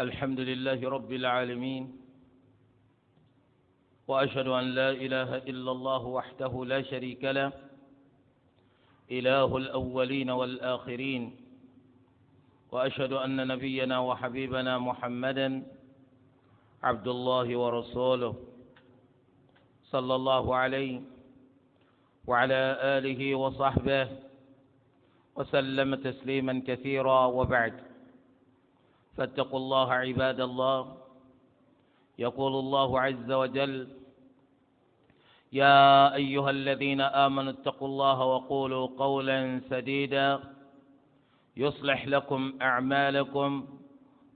الحمد لله رب العالمين واشهد ان لا اله الا الله وحده لا شريك له اله الاولين والاخرين واشهد ان نبينا وحبيبنا محمدا عبد الله ورسوله صلى الله عليه وعلى اله وصحبه وسلم تسليما كثيرا وبعد فاتقوا الله عباد الله يقول الله عز وجل يا ايها الذين امنوا اتقوا الله وقولوا قولا سديدا يصلح لكم اعمالكم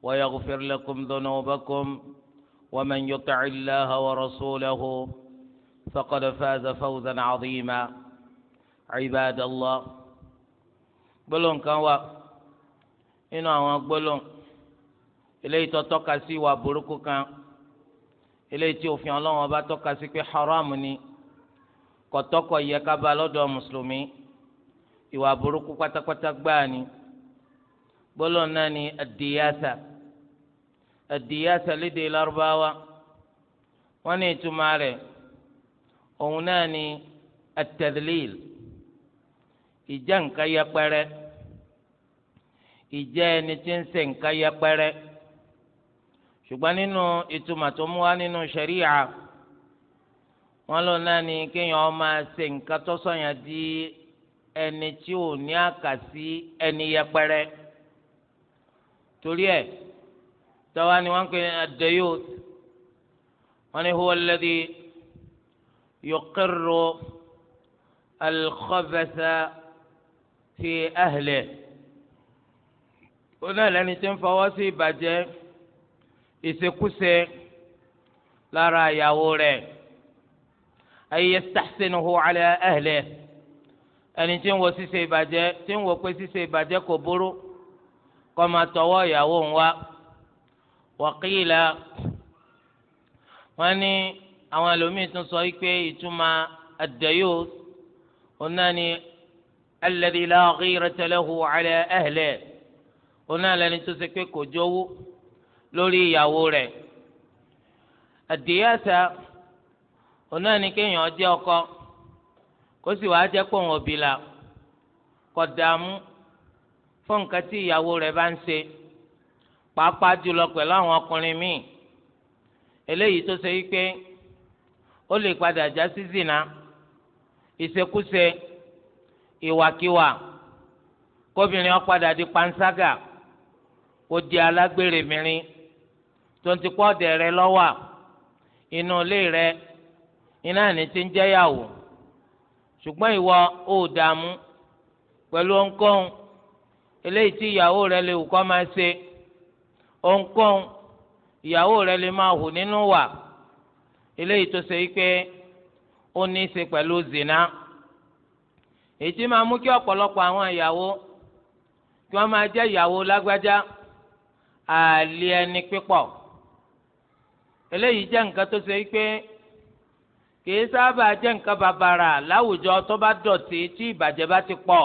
ويغفر لكم ذنوبكم ومن يطع الله ورسوله فقد فاز فوزا عظيما عباد الله بلون kan wà nínú eléyìí tó tọ́ka sí ìwà burúkú kan eléyìí tí òfin ọlọ́run ọba tọ́ka sí pé haram ni kọ̀tọ́kọ̀ yẹ ká bá lọ́dọ̀ mùsùlùmí ìwà burúkú pátápátá gbáà ni gbólóhùn náà ni adìyásá adìyásá lédè lárúbáwá wọn ní ìtumọ̀ rẹ̀ òun náà ni atẹ̀lẹ́l ìjẹ́ nǹkan yẹpẹrẹ ìjẹ́ ẹni tí ń ṣe nǹkan yẹpẹrẹ ṣùgbọ́n nínú ìtumọ̀ tó mú wá nínú ṣẹ̀ríà wọn lọ náà ni kéèyàn máa ṣe nǹkan tó sọ̀yàn di ẹni tí ò ní àkàsí ẹni yẹpẹrẹ torí ẹ̀ tọ́wá ni wọ́n ń pè ní wọ́n ní huwa alladhi yuqirru al-khabatha fi ahlihi náà lẹ́ni tí ń fọwọ́ sí ìbàjẹ́ ìṣekúṣe lára ìyàwó rẹ̀ ayé sàṣẹnuhu alẹ ẹhlẹ ẹni tí ń wo ṣíṣe ìbàjẹ́ tí ń wo pé ṣíṣe ìbàjẹ́ kò burú kó máa tọwọ́ ìyàwó ń wá wàkìlá wọn ní àwọn ẹlòmíín tún sọ pé ìtumọ̀ àdéhùn òun náà ni alladhi la ghirata lahu ala ahlihi òun náà lẹni tó ṣe pé kò jówó lórí ìyàwó rẹ̀ àdìyàsá ọ̀nà ni kéèyàn jẹ́ ọkọ kó sì wàá jẹ́ pọ̀ wọn bìlà kó dààmú fún nǹkan tí ìyàwó rẹ̀ bá ń ṣe pàápàá jùlọ pẹ̀lú àwọn ọkùnrin míì eléyìí tó ṣe wípé ó lè padà já sí zina ìṣekúṣe ìwàkiwà kóbìnrin ó padà di panṣágà kó di alágbèrè mìíràn. tonti kọ́ ọ̀dẹ̀ rẹ inú ilé rẹ iná ní ti ń jẹ́yàwó ṣùgbọ́n ìwọ ò dààmú pẹ̀lú ohunkóhun eléyìí tí ìyàwó rẹ lè wù máa ìyàwó rẹ lè máa hù nínú wà eléyìí tó ṣe wípé ó ní í ṣe zina èyí tí máa mú kí ọ̀pọ̀lọpọ̀ àwọn ìyàwó kí máa ìyàwó eléyìí jẹ́ nǹkan tó ṣe pé kìí sábà jẹ́ nǹkan bàbàrà láwùjọ tó bá dọ̀tí tí ìbàjẹ́ bá ti pọ̀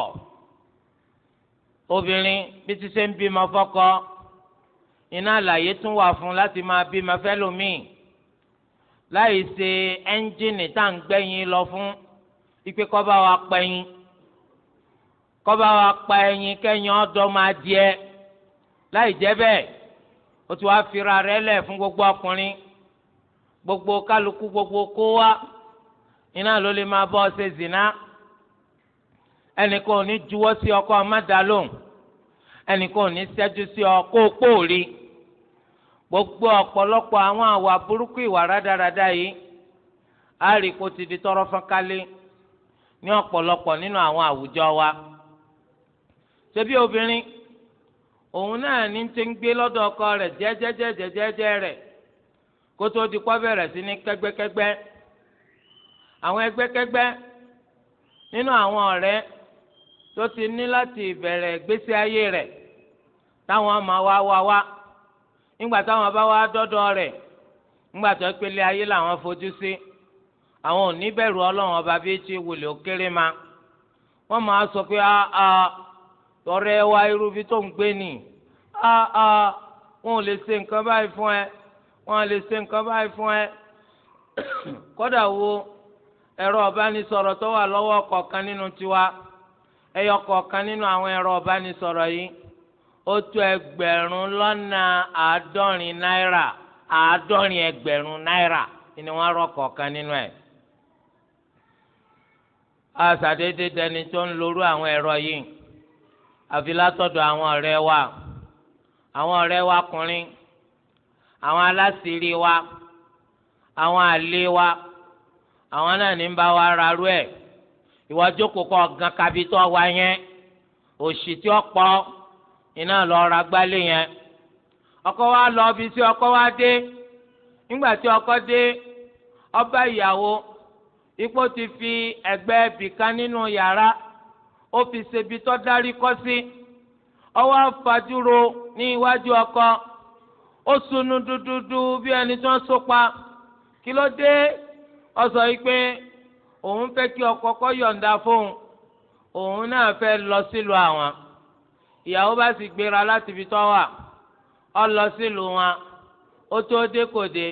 obìnrin bí ti ṣe ń bímọ fọ́kọ iná àlàyé tún wà fún láti máa bímọ fẹ́lòmíì láì ṣe ẹ́ńjìnì tá à ń gbẹ́yìn lọ fún ipe kọ́ bá wa pẹ́yìn kọ́ wa pa ẹyin kẹ́yìn ọ̀dọ́ máa díẹ̀ láì jẹ́ bẹ́ẹ̀ o ti wá fira rẹ lẹ̀ fún gbogbo ọkùnrin gbogbo kálukú gbogbo kó wá iná ló lè máa bọ́ ọ ṣe zìnà ẹnìkan ò ní juwọ́ sí ọkọ amádàlóhùn ẹnìkan ò ní ṣẹ́jú sí ọkọ òpóòrí gbogbo ọ̀pọ̀lọpọ̀ àwọn àwà burúkú ìwà rádaràda yìí rí kó ti di tọrọ ní ọ̀pọ̀lọpọ̀ nínú àwọn àwùjọ wa ṣebí obìnrin òun náà ní ti ń gbé lọ́dọ̀ ọkọ rẹ̀ jẹ́jẹ́jẹ́jẹ́jẹ́ kótó ti kọ́ bẹ̀rẹ̀ sí ní kẹ́gbẹ́kẹ́gbẹ́ àwọn ẹgbẹ́kẹ́gbẹ́ nínú àwọn ọ̀rẹ́ tó ti ní láti ìbẹ̀rẹ̀ gbésí ayé rẹ̀ táwọn máa wá wá wá nígbà táwọn bá wá dọ́dọ̀ rẹ̀ nígbà tó pélé ayé làwọn fojú sí àwọn ò ní bẹ̀rù ọlọ́run ọba bíi ti wòlé òkèrè ma wọ́n máa sọ pé aa tọrẹ wa irú bí tó ń gbé a aa wọn ò lè ṣe nǹkan báyìí fún ẹ wọn lè ṣe nǹkan báyìí fún ẹ kódà wo ẹ̀rọ ọ̀bánisọ̀rọ̀ tó wà lọ́wọ́ kọ̀ọ̀kan nínú tiwa ẹyọ kọ̀ọ̀kan nínú àwọn ẹ̀rọ ọ̀bánisọ̀rọ̀ yìí ó tó ẹgbẹ̀rún lọ́nà àádọ́rin náírà àádọ́rin ẹgbẹ̀rún náírà ni wọ́n rọ kọ̀ọ̀kan nínú ẹ̀. àṣàdédé dẹni tó ń lorú àwọn ẹ̀rọ yìí àfi látọ̀dọ̀ àwọn ọ̀rẹ́ wa àwọn ọ̀rẹ́ wa kùnrin àwọn aláṣìírí wa àwọn àlè wa àwọn náà ní bá wa ra rú ẹ̀ ìwọ jókòó kọ gan kabi tó wa yẹn òṣì tí ó pọ̀ iná lọ ra gbálẹ̀ yẹn ọkọ wa lọ ibi tí ọkọ wa dé nígbà tí ọkọ dé ọba ìyàwó ipò ti fi ẹ̀gbẹ́ bìkan nínú yàrá ó fi ṣebi tó dárí kọ sí ọwọ́ afajúro ní iwájú ọkọ. ó sunu dúdúdú bí ẹni tí wọ́n so pa kí ló dé ó sọ yìí pé òun fẹ́ kí ọkọ kọ yọ̀ǹda fóun òun náà fẹ́ lọ sílùú àwọn ìyàwó bá sì gbéra láti ibi tó wà ó lọ sílùú wọn ó tó dé kò dé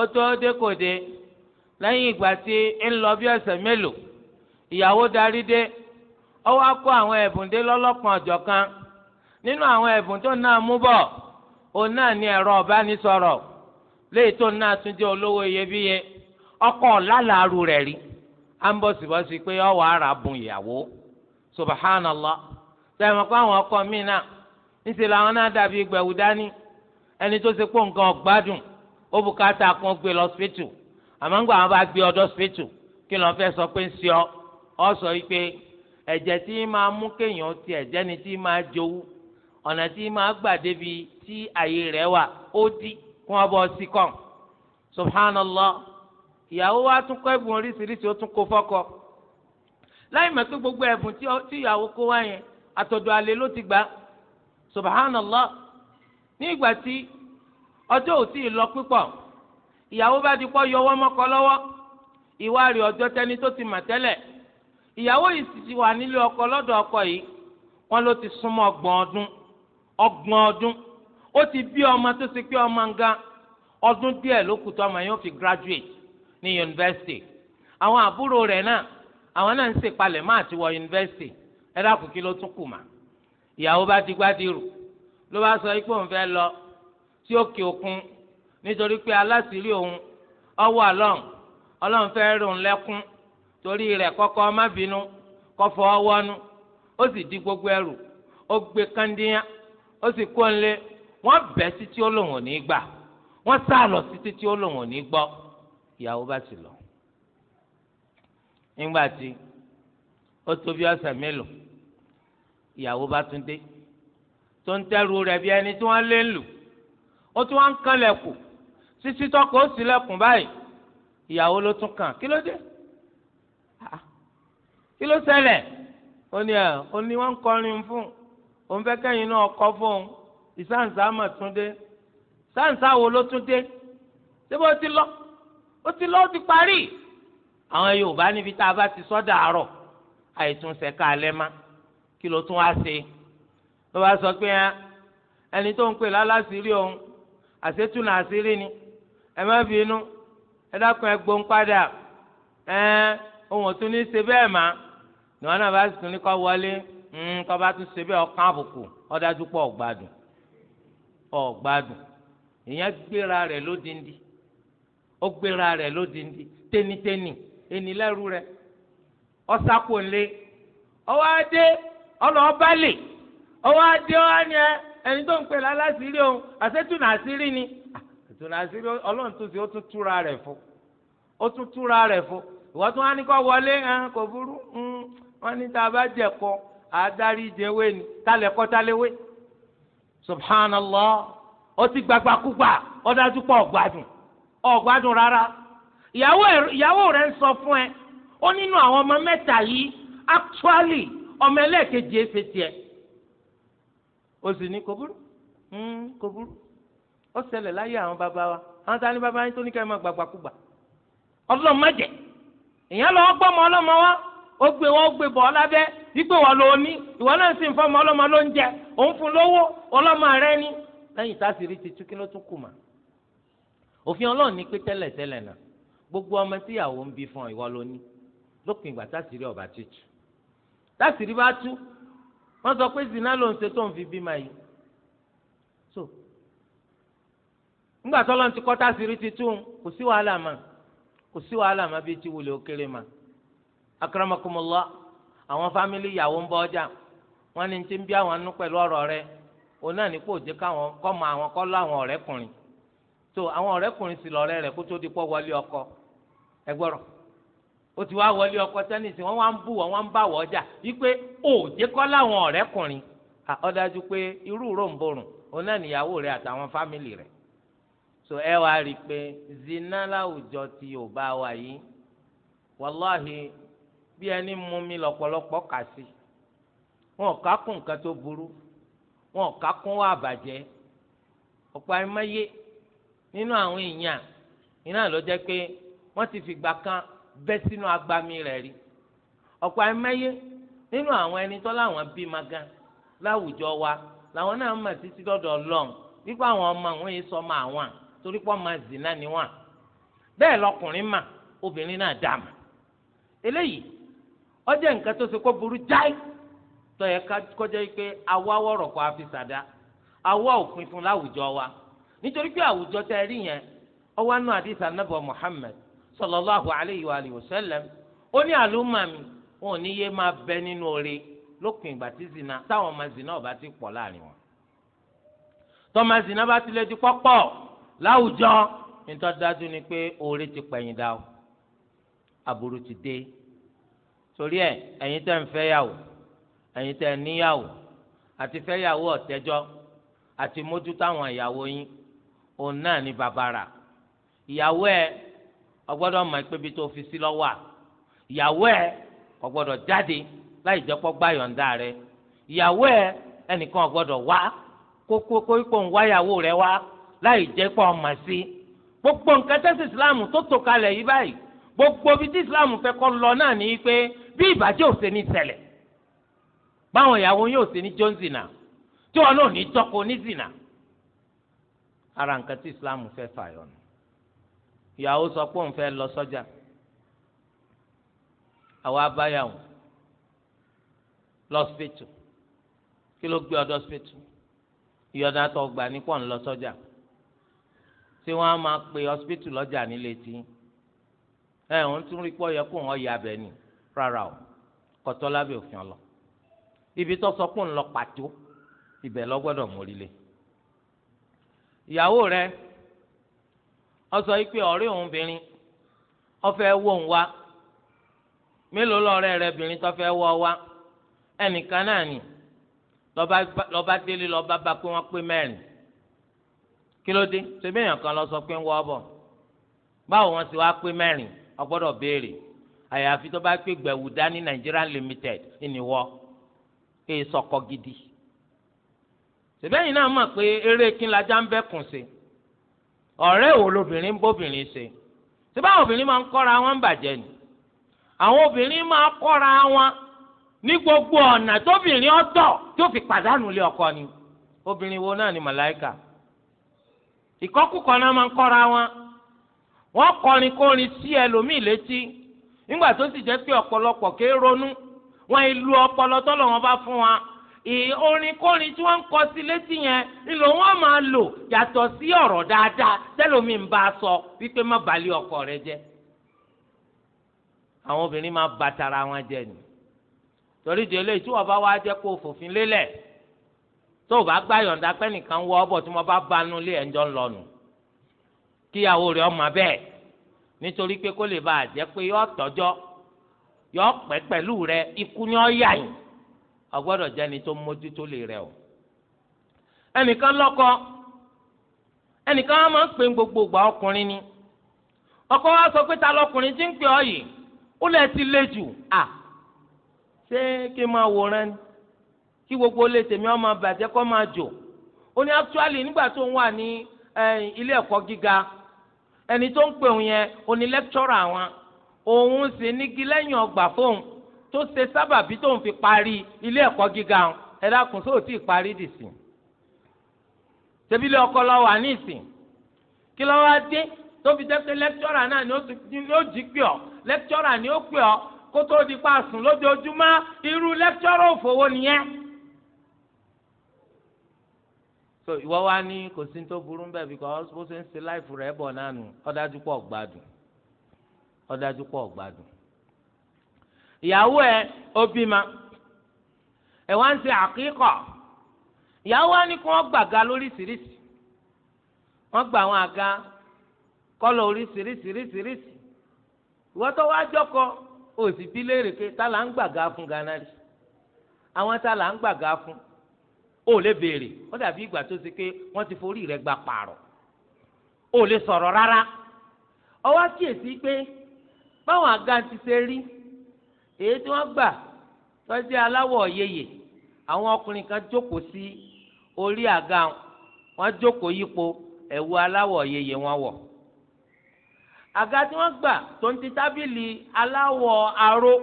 ó tó dé kò dé lẹ́yìn ìgbà tí ń lọ bí ọ̀sẹ̀ mélòó ìyàwó darí dé ó wá kó àwọn ẹ̀bùn dé lọ́lọ́kan ọ̀jọ̀kan nínú àwọn ẹ̀bùn tó náà mú bọ̀ òun náà ní ẹ̀rọ ọ̀bánisọ̀rọ̀ léyìí tó náà tún jẹ́ olówó iyebíye ọkọ̀ lálàárù rẹ̀ rí à ara bùn ìyàwó subhanallah sẹ́wọ̀n pé àwọn ọkọ̀ míì náà níṣẹ́ làwọn náà dàbí gbẹ̀wù dání ẹni tó ṣe pọ̀ nǹkan ọ̀gbádùn ó bùkátà kan gbé lọ sípẹ́tù àmọ́ ń wọn bá gbé sọ pé ń sọ wípé ẹ̀jẹ̀ tí máa mú kéèyàn ti ẹ̀jẹ̀ ọ̀nà tí máa gbà débi tí àyè rẹ̀ wà ó dí kí wọ́n sí kàn subhanallah ìyàwó wa tún kọ́ ẹ̀bùn oríṣiríṣi ó tún kó fọ́kọ láì mọ̀ pé gbogbo ẹ̀bùn tí ìyàwó kó wá yẹn àtọ̀dọ̀ àlè ló ti gbà subhanallah ní ìgbà tí ọjọ́ ò tíì lọ púpọ̀ ìyàwó bá ti pọ́ yọwọ́ mọ́kọ lọ́wọ́ ìwárí ọjọ́ tẹni tó ti mà tẹ́lẹ̀ ìyàwó yìí sì ti wà nílé ọkọ lọ́dọ̀ ọkọ yìí wọ́n ló ti súnmọ́ ọgbọ̀n ọdún ọgbọ̀n ọdún ó ti bí ọmọ tó ṣe pé ọmọ ń ọdún díẹ̀ ló kù tó ọmọ yẹn ó fi graduate ní yunifásitì àwọn àbúrò rẹ̀ náà àwọn náà ń ṣèpalẹ̀ máa ti wọ yunifásitì ẹ dákun kí ló tún kù mà ìyàwó bá digbá dirù ló bá sọ pé òun fẹ́ lọ sí òkè òkun nítorí pé aláṣìírí òun ọwọ́ àlọ́hùn ọlọ́run fẹ́ rún lẹ́kún torí rẹ̀ kọ́kọ́ má bínú kọ́fọ́ ọwọ́nu ó sì di gbogbo ẹrù ó gbé kandíyàn ó sì kó ń lé wọ́n bẹ̀ títí ó lòun ò ní gbà wọ́n sá lọ sí títí ó lòun ò ní gbọ́ ìyàwó bá sì lọ. nígbà tí ó tó bí ọ̀sẹ̀ mélòó ìyàwó bá tún dé tó ń tẹ́rù rẹ̀ bí ẹni tí wọ́n lé ń lù ó tún wá ń kanlẹ̀kùn títí tọkọ ó ṣílẹ̀kùn báyìí ìyàwó ló tún kàn kí ló dé ah, kí ló ṣẹlẹ̀ ó ní ẹ̀ ó ní wọ́n ń kọrin fún un òun fẹ́ kẹ́yìn náà kọ́ fóun ìsáǹsá mà tún dé sáǹsá wo ló tún dé síbi ó ti lọ ó ti lọ ó ti parí àwọn Yorùbá níbi tá a bá ti sọ́dà àárọ̀ àìtúnṣe ká alẹ́ má kí ló tún wá ṣe ló bá sọ pé ẹni tó ń pè lálásìírí òun àṣetúnà àṣírí ni ẹ má bínú ẹ dákun ẹ gbóhùn padà ẹ ohun ọ̀tún ní ṣe bẹ́ẹ̀ má ni wọn náà bá sì tún ní kọ́ wọlé. Hmm, tọ́ba tún ṣe bẹ́ẹ̀ ọkàn àbùkù ọ̀dájú pọ̀ ọ̀gbádùn ọ̀gbádùn ìyẹn gbéra rẹ̀ lódindi ó gbéra rẹ̀ lódindi tẹ́nitẹ́ni ènìlẹ́rú rẹ̀ ọwọ́ adé ọlọ́ọ̀bálẹ̀ ọwọ́ adé ẹni tó ń pè lálásìírí òun àṣetúnà àṣírí ni ah, àṣírí ọlọ́run tó ti ó tún túra rẹ̀ fún ó tún túra rẹ̀ fún ìwọ́n tún wá ní kọ́ wọlé hàn kò burú hmm, wọ́n ní tá a bá adarí jẹwé ni talẹ kọtaléwé subhanallah ó ti gbagba kúgbà ó dájú pọ ọgbádùn ọgbádùn rárá ìyàwó rẹ ń sọ fún ẹ ó nínú àwọn ọmọ mẹ́ta yìí actually ọmọ ẹlẹ́ẹ̀kejì ẹ ṣe tiẹ̀ ó sì ní kò burú hmm, kò burú ó ṣẹlẹ̀ láyé àwọn bàbá wa àwọn tá a ní bàbá yín tó ní ká máa gbagba kúgbà ọlọ́mọdé ìyẹn lọ́wọ́ gbọ́mọ ọlọ́mọ wa ó gbé wọn ó gbé bọ̀ ọ́ lábẹ́ wípé wọn ló ní ìwọ náà sì ń fọmọ ọlọ́mọ ló ń jẹ òun fún lówó ọlọ́mọ rẹ ni lẹ́yìn tásìrì ti tú kí ló tún kù mà òfin ọlọ́run ni pé tẹ́lẹ̀ náà gbogbo ọmọ tíyàwó ń bí fún ìwọ ló ní lópin ìgbà tásìrì ọba ti tú tásìrì bá tú wọ́n sọ pé zina ló ń ṣe tó ń fi bímọ yìí so ńgbà tọ́lọ́run ti kọ́ tásìrì ti tú kò sí wàhálà mà kò sí wàhálà mà bí akramakumullah àwọn fámìlì ìyàwó ń bọ ọjà wọn ni ti ń bí àwọn nú ọrụ ọ̀rọ̀ rẹ̀ òun náà ní kò jẹ́ káwọn kọ́ mọ àwọn kọ́ lọ àwọn ọ̀rẹ́kùnrin tó àwọn ọ̀rẹ́kùnrin sì lọ́rẹ́ rẹ̀ kó tó di ọkọ ó ti ọkọ wá ń bù ń bà ọjà wípé ò láwọn pé irú ròǹbòrùn òun náà níyàwó àtàwọn fámìlì ẹ wá rí i pé ti bí ẹni mú mi lọ́pọ̀lọpọ̀ kà sí wọn ká kún nǹkan tó burú wọn ká kún wá àbàjẹ́ ọ̀pọ̀ àìmọye nínú àwọn èèyàn iná ló jẹ́ pé wọ́n ti fìgbà kan bẹ́ sínú agbami rẹ̀ rí ọ̀pọ̀ àìmọye nínú àwọn ẹni tó láwọn bí magan láwùjọ wa làwọn náà mọ̀ títí dọ́dọ̀ lọ́n wípé àwọn ọmọ àwọn yìí sọmọ àwọn torí pọ́ máa zì náà níwọ̀n bẹ́ẹ̀ lọkùnrin mà obìnrin náà dà mà eléyìí ọjọ́ nǹkan tó ṣe kó burú jáì tó yẹ kọjá pé àwa wọ̀rọ̀ kọ́ afisada òpin fún láwùjọ wa nítorí pé àwùjọ tẹ rí yẹn ọwọ́ nù àdìsá nàbọ̀ Muhammad sallallahu alayhi wa alihi wa sallam ó ní mi wọn ò ní yé máa bẹ nínú oore lópin ìgbà tí zina táwọn zina ọba ti pọ̀ láàrin wọn zina bá ti láwùjọ nítorí dájú ni pé oore ti pẹ̀yìn o torí ẹ ẹ̀yin tẹ́ ń fẹ́yàwó ẹ̀yin tẹ́ ń níyàwó àti fẹ́yàwó ọ̀tẹ́jọ́ àti mójútó àwọn ìyàwó yín òun náà ní bàbàrà ìyàwó ẹ ọgbọ́dọ̀ mọ̀ pé ibi tó fi sí lọ́wọ́ à ìyàwó ẹ ọgbọ́dọ̀ jáde láì jẹ́ pọ́ gbàyọ̀ǹda rẹ ìyàwó ẹ ẹnìkan ọgbọ́dọ̀ wá kókó kókó ń wáyàwó rẹ wá láì jẹ́ pọ́ ọmọ sí gbogbo nǹkan tẹ́sí ìsìláàmù tó tò kalẹ̀ yí báyìí gbogbo bíi tí islam fẹ́ kọ́ lọ náà ní pé bí ìbàjẹ́ ò ṣe ní ṣẹlẹ̀ báwọn ìyàwó yóò ṣe ní jọ́nzìnà tí wọn náà ní tọ́kọ ní zìnà ara nǹkan tí islam fẹ́ fàyọ̀ nù ìyàwó sọ pé òun fẹ́ lọ sọ́jà àwọn abáyàwó lọ́sípẹ̀tù kí ló gbé ọdọ sípẹ̀tù ìyọ̀dà gbà ní pọ̀ ń lọ sọ́jà tí wọ́n á máa pe hospital lọ́jà nílé tí ẹ òun tún rí pọ yẹ kó òun ọyà abẹ ni rárá o kọtọ lábẹ òfin ọlọ ibi tó sọ pé ń lọ pàtó ibẹ̀ lọ gbọ́dọ̀ mórílẹ ìyàwó rẹ ọ sọ yìí pé ọ̀rẹ́ òun bìnrin ọfẹ wò ń wá mélòó lọ̀rẹ́ rẹ bìnrin tọfẹ wọ wá ẹnìkan náà ni lọba délé lọba bá pé wọn pé mẹ́rin kí ló dé ṣe bí èèyàn kan lọ sọ pé ń wọ ọ bọ báwo wọn ti wá pé mẹ́rin ọgbọ́dọ̀ béèrè àyàfi tó bá pé gbẹ̀wù dání Nigeria limited ìníwọ́ èyí sọkọ gidi sìbẹ́yìn náà mọ̀ pé eré kínlájà ń bẹ́kùn sí ọ̀rẹ́ wo lobìnrin ń bóbìnrin ṣe síbá obìnrin máa ń kọ́ra wọn bàjẹ́ ni àwọn obìnrin máa kọ́ra wọn ní gbogbo ọ̀nà tóbìnrin ọ̀tọ̀ tó fi pàdánù lé ọkọ ni obìnrin wo náà ni màláìkà ìkọ́kùkọ náà máa ń kọ́ra wọn wọn kọrin kọrin sí ẹlòmíì létí nígbà tó sì jẹ́ pé ọpọlọpọ kéé ronú wọ́n ìlú ọpọlọ tọ́lọ̀ wọn bá fún wa orin kọrin tí wọn ń kọ sí létí yẹn ńlọ wọn máa lò yàtọ sí ọrọ dáadáa tẹ́lòmíì ń bá sọ wípé má balẹ̀ ọkọ rẹ jẹ́ àwọn obìnrin máa ba tara wọn jẹ ni torí di eléyìí tí wọn bá wá jẹ kó fòfin lélẹ̀ tó o bá gbá yọ̀ǹda pé nìkan wọ ọbọ tí wọn bá banú lé ẹjọ́ ńlọnù kíyàwó rẹ̀ ọmọ bẹ́ẹ̀ nítorí pé kó lè bá a jẹ́ pé yọ tọ́jọ́ yọ pẹ́ pẹ̀lú rẹ̀ ikú ni ọ yà yìí ọgbọ́dọ̀ jẹ́ni tó mójútó lè rẹ̀ o ẹnìkan lọ́kọ ẹnìkan á máa ń pè gbogbo ìgbà ọkùnrin ni ọkọ wa sọ pé ta lọkùnrin ti ń pè ọ yìí ó lẹ ti lé jù à ṣé kí n máa wòran ni kí gbogbo lè tèmi ọmọ bàjẹ́ kọ́ máa jò ó ní actually nígbà tó ń wà ní ilé ẹ̀kọ́ gíga ẹni tó ń pè òun yẹn òní lẹ́kítọ́rà àwọn òun sì ní kí lẹ́yìn ọgbà fóun tó ṣe sábàbí tóun fi parí ilé ẹ̀kọ́ gíga òun ẹ dákun sóò tí ì parí dìsì tẹbílẹ̀ ọkọ lọ wà ní ìsìn kí lọ́ wá dé tó fi jẹ́ pé náà ni ó jí pè ọ́ lẹ́kítọ́rà ni ó pè ọ́ kó tó di pa sùn lójoojúmọ́ irú lẹ́kítọ́rà òfòwò nìyẹn. so ìwọ wa ní kò sí tó burú ń bẹ̀ because bó ṣe ń ṣe láìfù rẹ̀ bọ̀ náà nù ọ̀dájú pọ̀ gbádùn ọ̀dájú pọ̀ gbádùn. ìyàwó ẹ ó bímọ ẹ wá ń ṣe àkíkọ ìyàwó wa ní kí wọ́n gbàga lóríṣiríṣi wọ́n gbà àwọn àga kọ́lọ̀ oríṣiríṣiríṣiríṣi ìwọ tó wá jọkọ òsì bí léèrè pé là ń gbàga fún ganarí àwọn ta là ń gbàga fún o lè béèrè ó dàbí ìgbà tó ṣe pé wọ́n ti forí rẹ̀ gba pààrọ̀ o lè sọ̀rọ̀ rárá ọwọ́ kíyèsí pé báwọn àga ti ṣe rí èyí tí wọ́n gbà tọ́jú aláwọ̀ yeye àwọn ọkùnrin kan jókòó sí orí àga wọn jókòó yípo ẹ̀wù aláwọ̀ yeye wọn wọ̀ àga tí wọ́n gbà tó ń ti tábìlì aláwọ̀ aró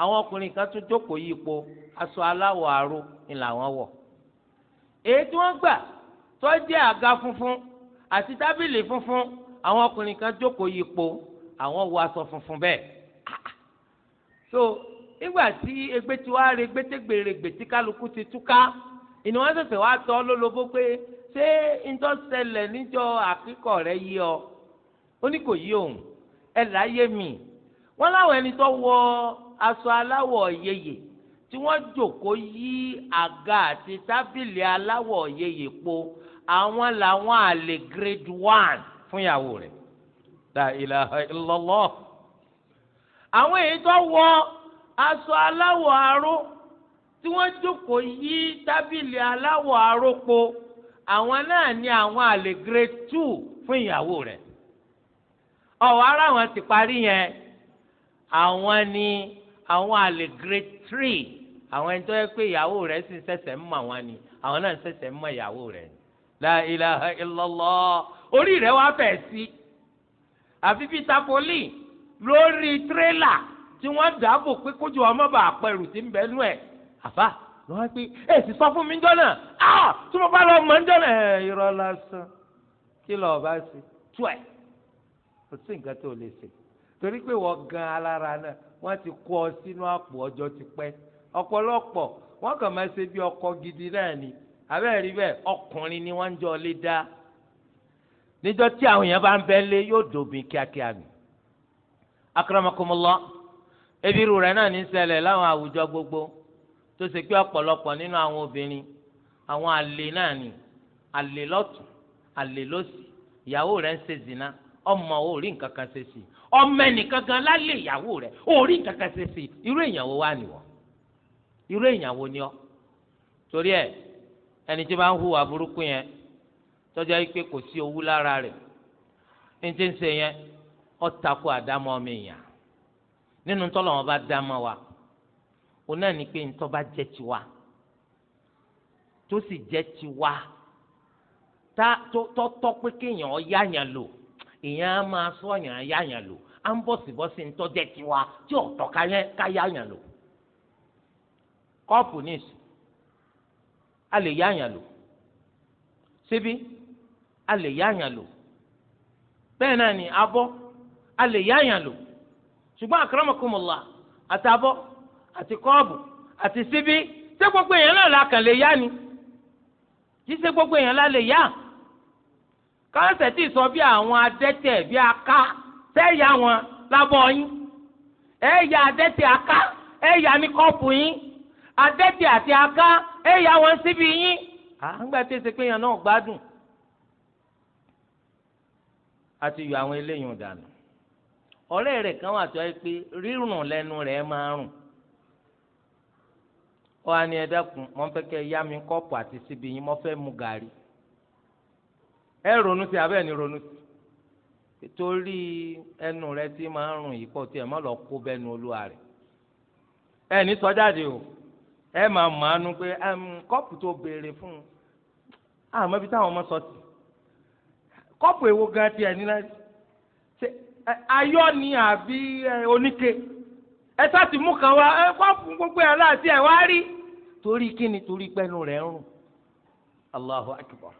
àwọn ọkùnrin kan tún jókòó yípo aṣọ aláwọ̀ aró ni làwọn wọ̀ èyí tí wọ́n gbà tó jẹ́ àga funfun àti tábìlì funfun àwọn ọkùnrin kan jókòó yípo àwọn wọ aṣọ funfun bẹ́ẹ̀ so nígbà tí ẹgbẹ́ tí wàá re gbẹ́tẹ́gbèrègbè tí kálukú ti túká ìní wọ́n ṣẹ̀ṣẹ̀ wá tọ́ lólobó pé ṣé ìtọ́sẹ̀lẹ̀ níjọ́ àkíkọ̀ rẹ̀ yí ọ ó ní kò yí òun ẹ̀ láyé mi wọ́n láwọn ẹni tó wọ aṣọ aláwọ̀ yeye tí wọ́n jòkó yí àga àti tábìlì aláwọ̀ yeye po àwọn làwọn àlè grade one fún ìyàwó rẹ̀ la ilaha illallah àwọn èyí tó wọ aṣọ aláwọ̀ aró tí wọ́n jòkó yí tábìlì aláwọ̀ aró po àwọn náà ní àwọn àlè grade two fún ìyàwó rẹ̀ ọ̀wọ́ ara wọn ti parí yẹn àwọn ni àwọn àlè grade three àwọn ẹni tó yẹ pé ìyàwó rẹ̀ sì sẹsẹ ń mọ wọn ni àwọn náà sẹsẹ ń mọ ìyàwó rẹ̀ ni la ilaha orí rẹ̀ wá fẹ̀ sí àfi lórí tírélà tí wọ́n dàbò pé kójú ọmọ bàa pẹ̀rù tí ń ẹ̀ àbá ló wá pé ẹ sì sọ fún mi jọ́nà á tí bá lọ mọ̀ jọ́nà ẹ̀ irọ́ lásán kí lọ́ọ́ bá ṣe ọ̀pọ̀lọpọ̀ wọ́n kàn máa ṣe bí ọkọ gidi náà ni àbẹ́ẹ̀ rí bẹ́ẹ̀ ọkùnrin ni wọ́n ń jọ lé dá níjọ́ tí àwọn èèyàn bá ń bẹ́ lé yóò dòbin kíákíá ni akramakumullah ebi irú rẹ̀ náà ní ṣẹlẹ̀ láwọn àwùjọ gbogbo tó ṣe pé ọ̀pọ̀lọpọ̀ nínú àwọn obìnrin àwọn àlè náà ni àlè lọ́tún àlè lọ́sì ìyàwó rẹ̀ ń ṣe zina ọmọ orí nǹkan kan ṣe sí ọmọ ẹnìkan gan lálẹ́ ìyàwó rẹ̀ orí nǹkan kan ṣe sí irú èèyàn wo wá nìwọ irú èèyàn ni ọ torí ẹ ẹni tí bá ń hùwà burúkú yẹn tọ́jà yìí pé kò sí owú lára rẹ̀ ní ṣe yẹn ọ takò àdámọ́ ọmọ èèyàn nínú tọ́lọ̀ wọn bá dámọ́ wa òun náà ni pé ntọ́ bá jẹ́ tiwa tó sì jẹ́ tiwa tọ́tọ́ pé kéèyàn ọ yáyàn lò èèyàn á máa sọ ọ̀yàn yáyàn lò á ń bọ̀sibọ́sí ntọ́ jẹ́ tiwa tí ọ̀tọ̀ káyáyàn lò. kọ́ọ̀pù nìsí a lè yá àyàn lò a lè yá àyàn lò bẹ́ẹ̀ ni abọ́ a lè yá àyàn lò ṣùgbọ́n àkàràmọ̀kùmọ̀lá àtàbọ̀ àti kọ́ọ̀bù àti síbí ṣé gbogbo èèyàn náà la lè yá ni kì gbogbo èèyàn lè yá káńsẹ̀ tí sọ bí àwọn adẹ́tẹ̀ bí aká ya wọn lábọ́ yín ẹ̀ adẹ́tẹ̀ aká ẹ̀ adẹ́tẹ̀ àti aká ẹ̀ yà wọ́n síbi yín àgbà tí èsì pé yàn náà gbádùn àti yọ àwọn eléyìí dànù ọ̀rẹ́ rẹ̀ kan wà tó yẹ pé rírùn lẹ́nu rẹ̀ máa rùn ó wà ní ẹ̀dẹ́kun mọ́ fẹ́ kẹ́ yá mi kọ́ọ̀pù àti síbi yín mọ́ fẹ́ mu gàrí ẹ ronú sí abẹ́ẹ̀ ni ronú sí torí ẹnu rẹ ti máa ń rùn yìí pọ̀ tí ẹ má lọ kó bẹ́nu olúwa rẹ̀ ẹ ní sọ́jáde o. ẹ máa màánu pé um, kọ́pù tó béèrè fún un àmọ́ ibi táwọn ọmọ sọ sí kọ́pù èwo gan tiẹ̀ nílá ṣe ayọ́ ni àbí oníke ẹ ti mú kan gbogbo ẹ̀ láti ẹ̀ wá rí torí kíni torí pẹ́nu rẹ̀ ń rùn Allahu akbar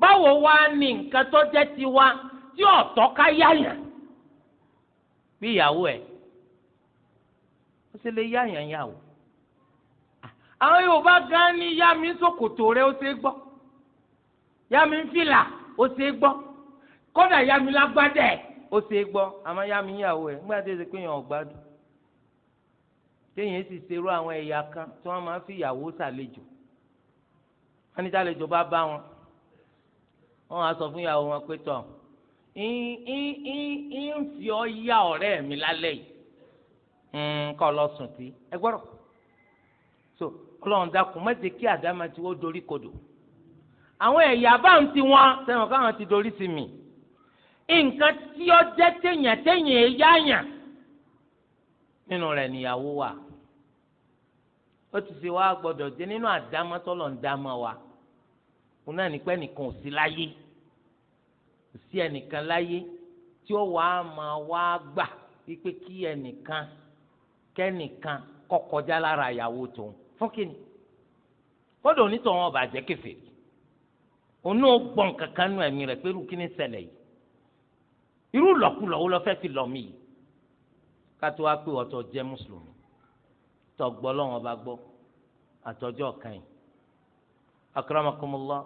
báwo wá ní nǹkan tó jẹ́ tiwa tí ọ̀tọ̀ ká yáyàn bí ìyàwó ẹ̀ ó sì lè yáyàn àwọn yorùbá gan ni yá mi ń ṣòkòtò rẹ ó ṣe é gbọ́ yá mi ń fìlà ó ṣe é gbọ́ kódà yá mi lágbádẹ ó ṣe é gbọ́ àmọ́ yá mi yàwó ẹ nígbà tí ó ṣe pé yàn ọgbádùn téèyàn sì ṣerú àwọn ẹ̀yà kan tí wọ́n máa ń fi ìyàwó ṣàlejò wọ́n ní ṣàlejò bá bá wọn wọ́n á sọ fún ìyàwó wọn pé tọ̀ ń fi ọ́ yá ọ̀rẹ́ mi lálẹ́ yìí kọ́ lọ sùn tí ẹ gbọ́dọ̀ so ọlọ́run dákun má jẹ́ kí àdámà tí wọ́n dorí kodò àwọn ẹ̀yà bá ń ti wọn sẹ́wọ̀n káwọn ti dorí sí mi nǹkan tí ó jẹ́ téèyàn téèyàn èyáàyàn nínú rẹ̀ níyàwó wa ó ti ṣe wá gbọ́dọ̀ jẹ́ nínú àdámà tọ́lọ̀ ń dámà wa òun náà nípẹ́ nìkan ò sí láyé kò sí ẹnìkan láyé tí ó wàá máa wá gbà wípé kí ẹnìkan kẹ́nìkan kọ́ lára ìyàwó tòun fún kínní kọ́dọ̀ onítọ̀ wọn ọba jẹ́ kèfèrí onú ọgbọ̀n kankan nù ẹ̀mí rẹ̀ pé irú kínní ṣẹlẹ̀ yìí irú lọ́kùlọ̀ wo lọ fi lọ́ mi yìí kátó wá pé ọ̀tọ̀ jẹ́ mùsùlùmí tọ̀gbọ́ lọ́wọ́n ọba gbọ́ àtọ́jọ́ kan yìí akramakumullah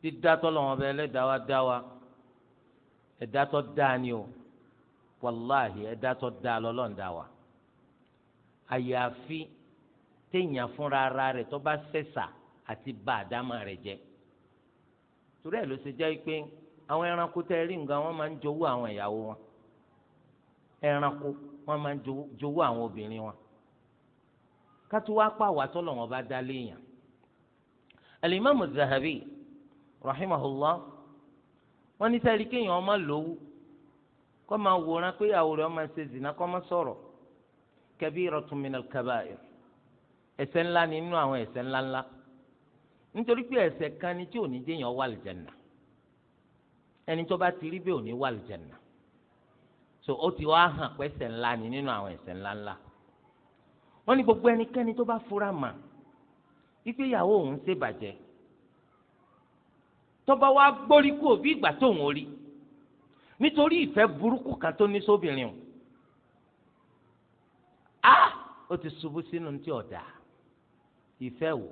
dídátọ́ lọ́wọ́n ọba ẹlẹ́dàá wa dá wa ẹ̀dátọ́ dáa ni o wàláhì ẹ̀dátọ́ dáa lọ́lọ́ọ̀dá àyàfi. téèyàn fúnra ara rẹ̀ tó bá sẹ̀sà àti bà àdámà rẹ̀ jẹ́ torí ẹ̀ ló ṣe jẹ́ pé àwọn ẹranko tẹ́ rí nǹkan wọ́n máa ń jowó àwọn ìyàwó wọn ẹranko wọ́n máa ń jowó àwọn obìnrin wọn pa àwa wọn bá dá léèyàn alimami zahabi rahimahullah wọn ní sẹ́ẹ̀rí kéèyàn ọmọ lówó kó máa wòran pé zina máa sọ̀rọ̀ ẹ̀ṣẹ̀ ńlá ni nínú àwọn ẹ̀ṣẹ̀ ńláńlá nítorí pé ẹ̀ṣẹ̀ kan ni tí ò ní jẹyàn wà lìjẹnà ẹni tó bá ti rí bẹ́ẹ̀ ò ní wà lìjẹnà so ó ti wá hàn pé ẹ̀ṣẹ̀ ńlá ni nínú àwọn ẹ̀ṣẹ̀ ńláńlá wọ́n ní gbogbo ẹnikẹ́ni tó bá fura mà ipe ìyàwó òun ṣe bàjẹ́ tọba wa gbórí kú òbí ìgbà tóun ò rí nítorí ìfẹ́ burúkú kan tó ní sóbìnrin o ah ó ti ṣubú sínú ti ọ̀dà ìfẹ́ wò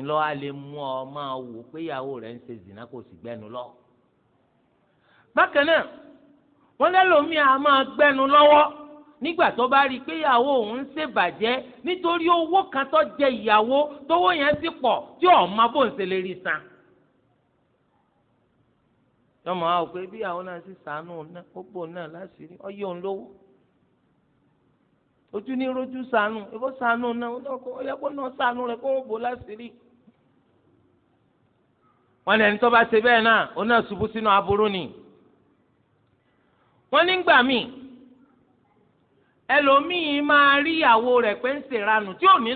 ńlọ a lè mú ọ máa wò pé ìyàwó rẹ ń ṣe zina kò sì gbẹnu lọ. bákan náà wọ́n lẹ́lòmíì a máa gbẹnu lọ́wọ́ nígbà tó bá rí i pé ìyàwó òun ń ṣèbàjẹ́ nítorí owó kan tó jẹ ìyàwó tówó yẹn sì pọ̀ tí ọ̀ma bò ń ṣe lè rí san. yọmọ àwọn òpè bí ìyàwó náà sì sàánú ó náà láṣìírí ọ yóò ń lówó ojú ní rojú sànù ìbò sànù náà ó yẹ kó náà sànù rẹ kó wọn bò láṣìírí. wọn lẹni tó bá ṣe bẹ́ẹ̀ náà ó náà ṣubú sínú aburú ni. wọn nígbà míì ẹlòmíì máa rí ìyàwó rẹ̀ pé ń ṣèranù tí ò ní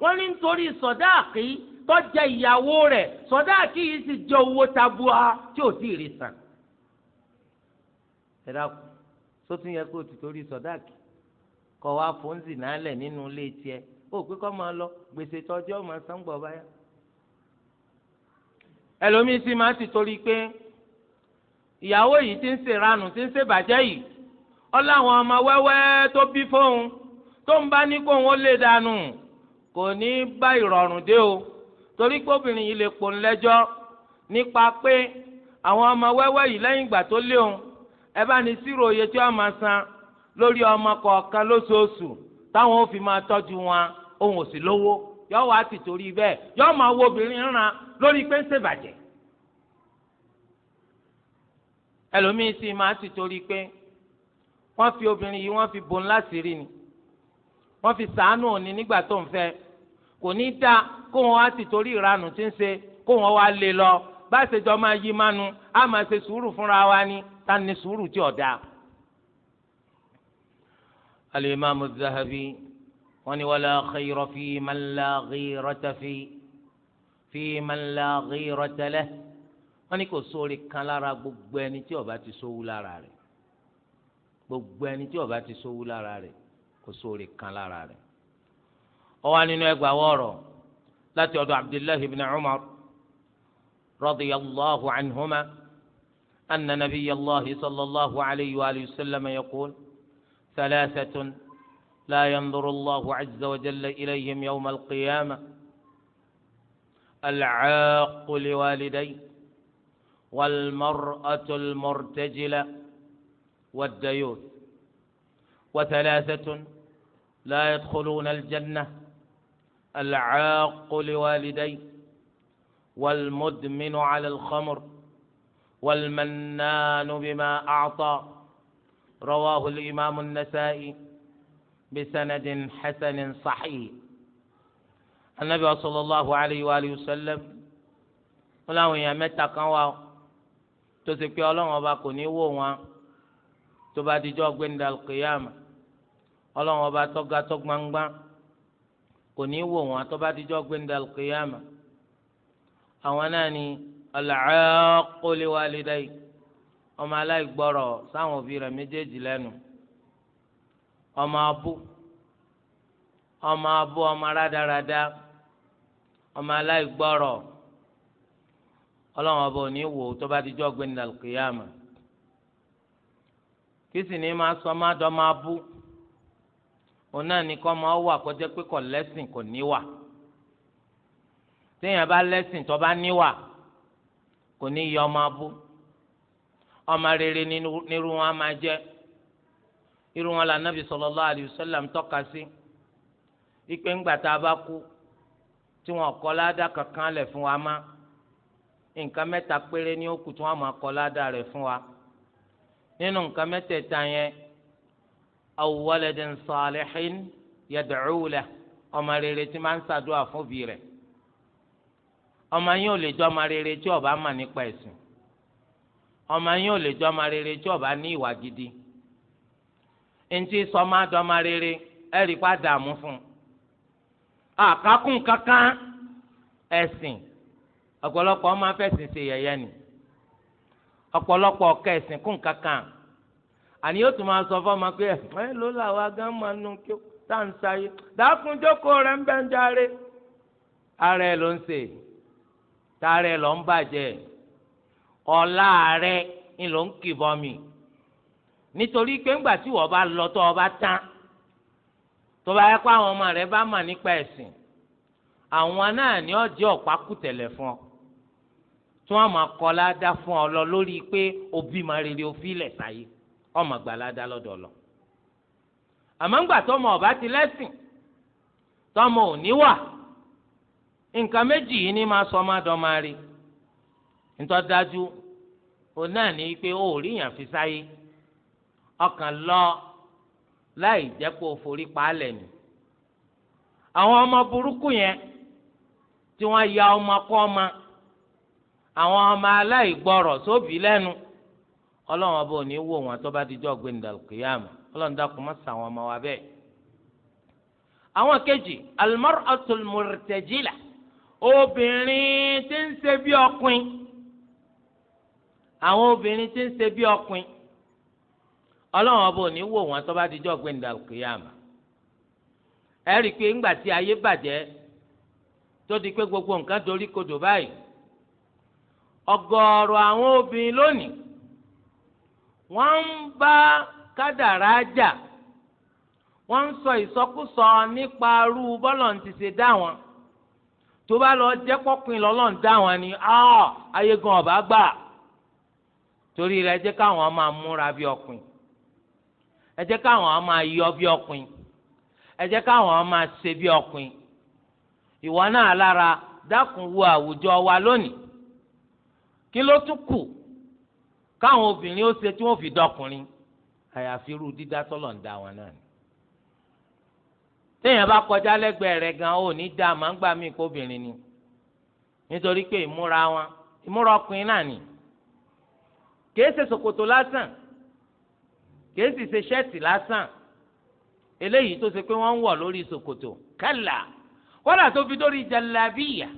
wọn ní nítorí sọdá àkí tó jẹ ìyàwó rẹ̀ sọdá àkí yìí sì jẹ owó tabua tí ò tí ì rí san. ẹ dákun sótún yẹ kó o ti torí sọdá àkí kọ́ wa fòǹzì náà lẹ̀ nínú ilé tiẹ̀ ó pé kọ́ máa lọ gbèsè tọ́jú máa san gbọ̀ báyà. ẹlòmíín sì ti torí pé ìyàwó yìí ti ń ti ń ṣèbàjẹ́ yìí ọláwọn ọmọ wẹ́wẹ́ tó bí fóun tó ń bá ní kóun ó lè dànù kò ní bá ìrọ̀rùn dé o torí pé obìnrin yìí lè lẹ́jọ́ nípa pé àwọn ọmọ wẹ́wẹ́ yìí lẹ́yìn ìgbà tó léun ẹ bá ní lórí ọmọ kọ̀ọ̀kan lóṣooṣù táwọn ò fi máa tọ́jú wọn òun ò sì lówó yọ wá ti torí bẹ́ẹ̀ yọ máa wo obìnrin ran lórí pé ń ṣèbàjẹ́ ẹlòmíín sì máa ti torí pé wọ́n fi obìnrin yìí wọ́n fi bò ńlá sí rí ni wọ́n fi sàánù òní nígbà tó ń fẹ́ kò ní dáa kó wọn wá ti torí ìranù tí ń ṣe kó wọn wá lé lọ bá ṣe jọ máa yí mánu á máa ṣe sùúrù fúnra wa ni ta ni sùúrù tí ò dáa. الإمام الذهبي ولا خير في من لا غيرة في في من لا غيرة له wọ́n ní kò sóore kan lára gbogbo ẹni tí ó bá ti sówú lára rẹ̀ gbogbo ẹni tí ó bá ti sówú lára rẹ̀ kò sóore kan lára rẹ̀. ó wà nínú ẹgbàá wọ̀rọ̀ láti ọ̀dọ̀ abdullahi ibn umar radiyallahu anhuma anna nabiyallahu sallallahu alayhi wa sallam yaqul. ثلاثة لا ينظر الله عز وجل إليهم يوم القيامة العاق لوالديه والمرأة المرتجلة والديوث وثلاثة لا يدخلون الجنة العاق لوالديه والمدمن على الخمر والمنان بما أعطى رواه الإمام النسائي بسند حسن صحيح النبي صلى الله عليه وآله وسلم wọ́n láwọn èèyàn mẹ́ta kan wà tó ṣe pé ọlọ́run ọba kò ní wò wọn tó bá dijọ́ gbẹ̀ndà kìyàmù ọlọ́run ọba tọ́ga tó gbangba kò ní wò wọn tó bá dijọ́ gbẹ̀ndà kìyàmù àwọn náà ni al-aaqu li walidayi ọmọ aláìgbọ́rọ̀ sáwọn òbí rẹ̀ méjèèjì lẹ́nu ọmọ abú ọmọ abú ọmọ rádaràda ọmọ aláìgbọ́rọ̀ ọlọ́run ọba ò ní wò tó bá ti jọ́ ọgbẹ́ni làlùkìyàmà kí sì ní máa sọ má dọ́ máa bú òun náà ní kọ́ máa wà kọjá pé kò lẹ́sìn kò níwà téèyàn bá lẹ́sìn tó bá níwà kò ní yọ máa bú. ọmọ rere nírú wọn máa jẹ irú wọn la nabi sallallahu alayhi wa tọka tọ́ka sí ipe ńgbà tá a bá kú tí wọn kankan lẹ fún wa má nǹkan péré ni ó tí wọn máa kọ rẹ fún wa nínú nǹkan mẹ́tẹ̀ẹ̀ta yẹn aw waladin salihin ọmọ rere tí máa ń fún ọmọ ò rere tí nípa ọmọ yín ò lè jọ ọmọ rere gidi ntí sọmọ àdọmọ rere ẹrí fún àkàkùn kankan ẹsìn ọ̀pọ̀lọpọ̀ ọmọ afẹ́sìn ṣe yẹ̀yẹ́ ni ọ̀pọ̀lọpọ̀ kẹsìn kankan àní yóò tún máa sọ fọmọ pé ẹ ló là wá gán kí ó ń sáyé rẹ̀ ń ara ẹ ló ń ṣe tá ara ọlá rẹ ń lọ ń kìbọn mi nítorí pé ńgbà tí wọ́n bá lọ tó ọba tán tó bá yẹ kó àwọn ọmọ rẹ bá mà nípa ẹ̀sìn àwọn náà ni ó jẹ́ ọ̀pá kùtẹ̀lẹ̀ fún ọ tí wọ́n máa kọ́ ládá fún ọ lọ lórí pé òbí máa rere òfin lẹ̀ sáyé ọmọ gbà ládá lọ́dọ̀ lọ àmọ́ ńgbà tọmọ ọba ti lẹ́sìn tọmọ ò ní wà nǹkan méjì yìí ni máa sọ ọmọ àdọ́mọ rí i. nítorí dájú òun náà ní pé ó rí yàn fi sáyé ọkàn lọ láì jẹ́ kó o forí paálẹ̀ mi àwọn ọmọ burúkú yẹn tí wọ́n ya ọmọ kọ́ ọmọ àwọn ọmọ aláìgbọ́rọ̀ sóbì lẹ́nu ọlọ́run ọba ò ní wò wọn tó bá dijọ́ gbẹ̀ndàlùkìyàmù ọlọ́run dákun má ṣà wọn ọmọ wa bẹ́ẹ̀. àwọn kejì almar'atul murtajila obìnrin tí ń ṣe bí ọkùnrin àwọn obìnrin tí ń ṣe bí ọkùnrin ọlọ́run ọba ò ní wò wọ́n tó bá ti jọ́ gbẹ̀ndà ẹ rí i pé ńgbà tí ayé di pé gbogbo nǹkan dorí kodò báyìí ọ̀gọ̀ọ̀rọ̀ àwọn obìnrin lónìí wọ́n ń bá kádàrá jà wọ́n ń sọ ìsọkúsọ nípa arú wọn tó lọ lọ́lọ́n dá wọn ni ayé gan ọba gbà. torí rẹ̀ ẹ jẹ́ káwọn máa múra bí ọkùnrin ẹ jẹ́ káwọn máa yọ bí ọkùnrin ẹ jẹ́ káwọn máa ṣe bí ọkùnrin ìwọ náà lára dákun wo àwùjọ wa lónìí kí ló tún kù káwọn obìnrin ó ṣe tí wọ́n fi dọkùnrin àyàfi irú dídá tọlọ ń dá wọn náà ni téèyàn bá kọjá lẹ́gbẹ̀ẹ́ rẹ̀ gan ò ní dá màá ń gbà mí kóbìnrin ni nítorí pé ìmúra wọn ìmúra ọkùnrin náà ni kìí ṣe ṣòkòtò lásán kìí sì ṣe ṣẹ́ẹ̀tì lásán eléyìí tó ṣe pé wọ́n ń wọ̀ lórí ṣòkòtò kálá kọ́dà tó fi dórí jalabiya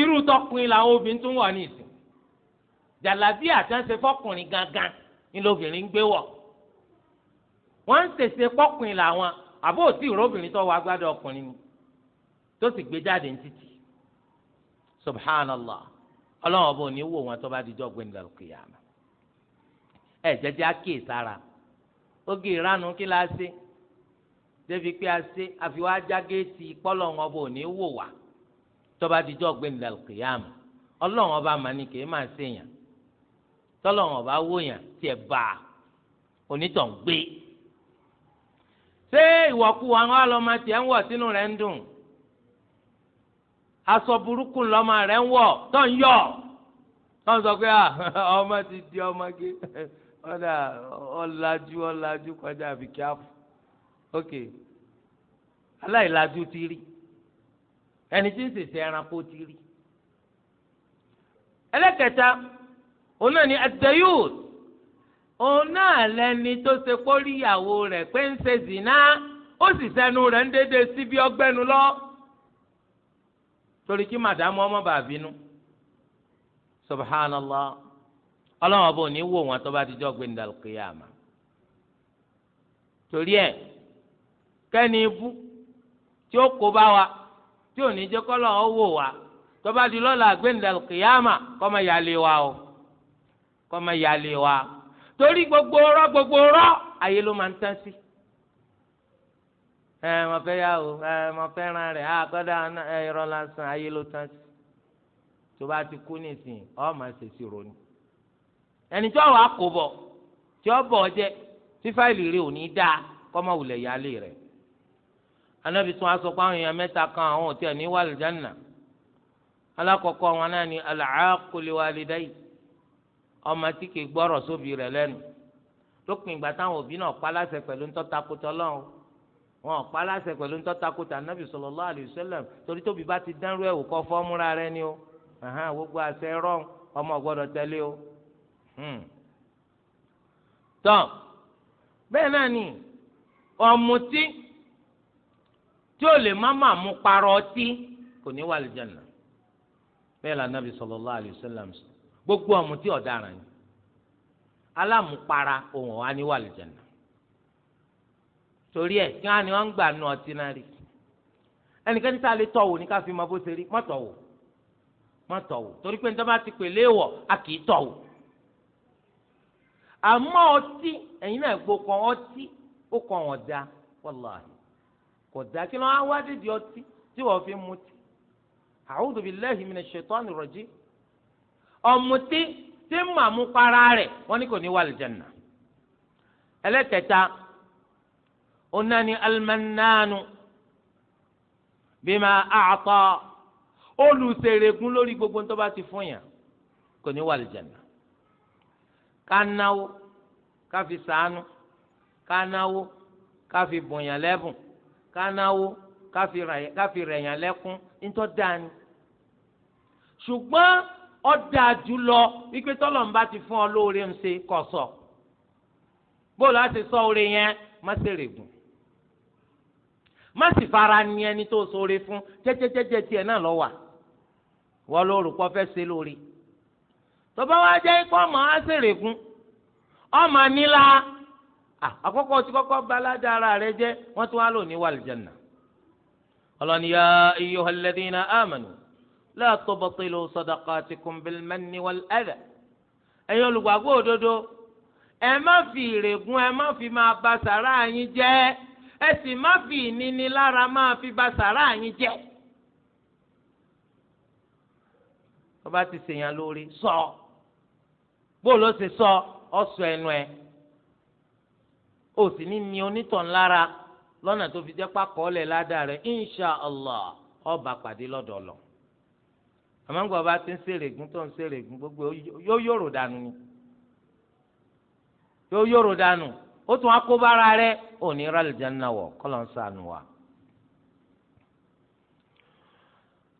irú tọkùnrin làwọn obìnrin tó ń wọ̀ ní ìsìn jalabiya tó ń ṣe fọkùnrin gangan ni lóbìnrin ń gbé wọ̀ wọ́n ń ṣèṣe pọ́kùnrin làwọn àbó òtí ìrọ́bìnrin tó wọ agbádọ́ ọkùnrin ni tó sì gbé jáde ní títì subhanallah ọlọ́run ọba ò ní wò wọn tó bá dijọ́ gbẹ̀ndà kìyàmà ẹ jẹ́jẹ́ ákíyè sára oge ìranu kí la ṣe débi pé a ṣe àfiwá já géètì pọ́lọ́run ọba ò ní wò wá tó bá dijọ́ gbẹ̀ndà kìyàmà ọlọ́run ọba màní kì í máa ṣe yàn tọ́lọ́run ọba wò yàn tiẹ̀ bá onítàn gbé ṣé ìwọ̀kuwà wọn lọ́ọ́ máa tiẹ̀ ń wọ̀ sínú rẹ̀ ń dùn. aṣọ burúkú lọ́mọ rẹ̀ ń wọ̀ tó ń yọ̀ tó ń sọ pé ah, ọmọ ti di ọmọge ọ̀dà ọ̀làjú ọ̀làjú kọjá àbí kí á fò ok aláìlàjú ti rí ẹni tí ń sèse ẹranko ti rí ẹlẹ́kẹta òun náà ni adayud òun náà lẹni tó ṣe rẹ̀ pé ń zina ó sì rẹ̀ ń dédé síbi ọgbẹ́nu lọ. torí kí màdàmú ọmọ bàá bínú subhanallah ọlọ́run ọba ò ní wò wọn tó bá ti jọ gbé ní dàlùkìyàmà torí ẹ kẹ́ni ibú tí ó kó bá wa tí ò ní jẹ́ kọ́lọ́ ọ wò wa tó bá di lọ́la gbé ní dàlùkìyàmà kọ́ máa wa o kọ́ máa wa torí gbogbo rọ gbogbo rọ ayé ló máa ń tán sí. Si ẹ mo fẹ́ yà o ẹ mo fẹ́ ran rẹ̀ á kọ́dà ẹ̀rọ lásán ayé ló tán sí tó bá ti kú nísìnyí ọ máa ṣèṣì ronú ẹni tí ọ̀rọ̀ àkóbọ̀ tí ó bọ̀ jẹ́ tí fáìlì rẹ̀ ò ní dá kọ́mọ wulẹ̀ yálé rẹ̀ anábì tún aṣọ pé àwọn èèyàn mẹ́ta kan àwọn òtí ẹ̀ ní wàlìjánà alákọ̀ọ́kọ́ wọn náà ni alàákùlẹ̀wàlìdáyì ọmọ tí kì í gbọ́rọ̀ sóbì rẹ̀ lẹ́nu lópin ìgbà táwọn òbí náà pa láṣẹ pẹ̀lú ńtọ́takùtọ̀ lọ́hùn wọn pa aláṣẹ pẹ̀lú ntọ́takùtà nàbì sallallahu alaihi wasallam torí tóbi bá ti dánrú ẹ̀ wò kọ́ fọ́múra rẹ ni o gbogbo àṣẹ rọ́n ọmọ gbọ́dọ̀ tẹ̀lé o. Hmm. tọ́ bẹ́ẹ̀ náà ni ọ̀mùtí tí ó lè má má mú parọ́ ọtí kò ní wà lìjànà bẹ́ẹ̀ la nàbì sallallahu alaihi wasallam gbogbo ọ̀mùtí ọ̀daràn ni alámùpara òun ò wá ní wà torí ẹ kí wọn ni wọn ń gbà nù ọtí náà rí ẹnikẹ́ni tá a lè tọ̀wò ní ká fi mọ bó ṣe rí mọ́tọ̀wò mọ́tọ̀wò torí pé nítorí bá ti pè léèwọ̀ a kì í tọ̀wò àmọ́ ọtí ẹ̀yin náà gbó kan ọtí ó kan wọn da wàláhì kò dá kí ló wá dídì ọtí tí wọ́n fi mutí a'udhu billahi minash shaitani rajim ọ̀mùtí tí màmú para rẹ̀ wọ́n ní kò ní wà lìjẹ̀nà ẹlẹ́kẹta onani almananu bima a'ta olùsèrègùn lórí gbogbo ń tó bá ti fún yàn kò ní wà lìjànà ká náwó ká fi sàánú ká náwó ká fi bùnyàn lẹ́bùn ká náwó ká fi rẹ̀yàn lẹ́kún ńtọ́ dání ṣùgbọ́n ọ̀dà jùlọ wípé tọ́lọ̀mùbá ti fún ọ lóore ń ṣe bóòlù á sọ oore yẹn má ṣèrègùn má sì fara ni ẹni tó fún jẹjẹjẹjẹ tiẹ̀ náà lọ wà wọ́n ló rò ṣe lórí tọ́ba wa jẹ́ kó ọmọ á ṣèrè fún ọmọ nílá tí ara rẹ jẹ wọn tún wá lò ní wàlìjẹ́nà ọlọ́ni ya ayyuhal ladhina amanu la tubtilu sadaqatikum wal òdodo fi ìrègùn ẹ fi máa ba sàrà yín ẹ sì má fi ìnínilára máa fi ba sàrà yín ọba ti sèyàn lórí sọ sọ ọ ẹnu ẹ o sì ní ní onítàn lára lọ́nà tó fi jẹ́ ládàá rẹ̀ insha allah ọba pàdé lọ́dọ̀ lọ. ti ń tó gbogbo yóò yòrò dànù ni ó tún akóbára rẹ òní rálìjáná wọ kọlọ ń sànù wa.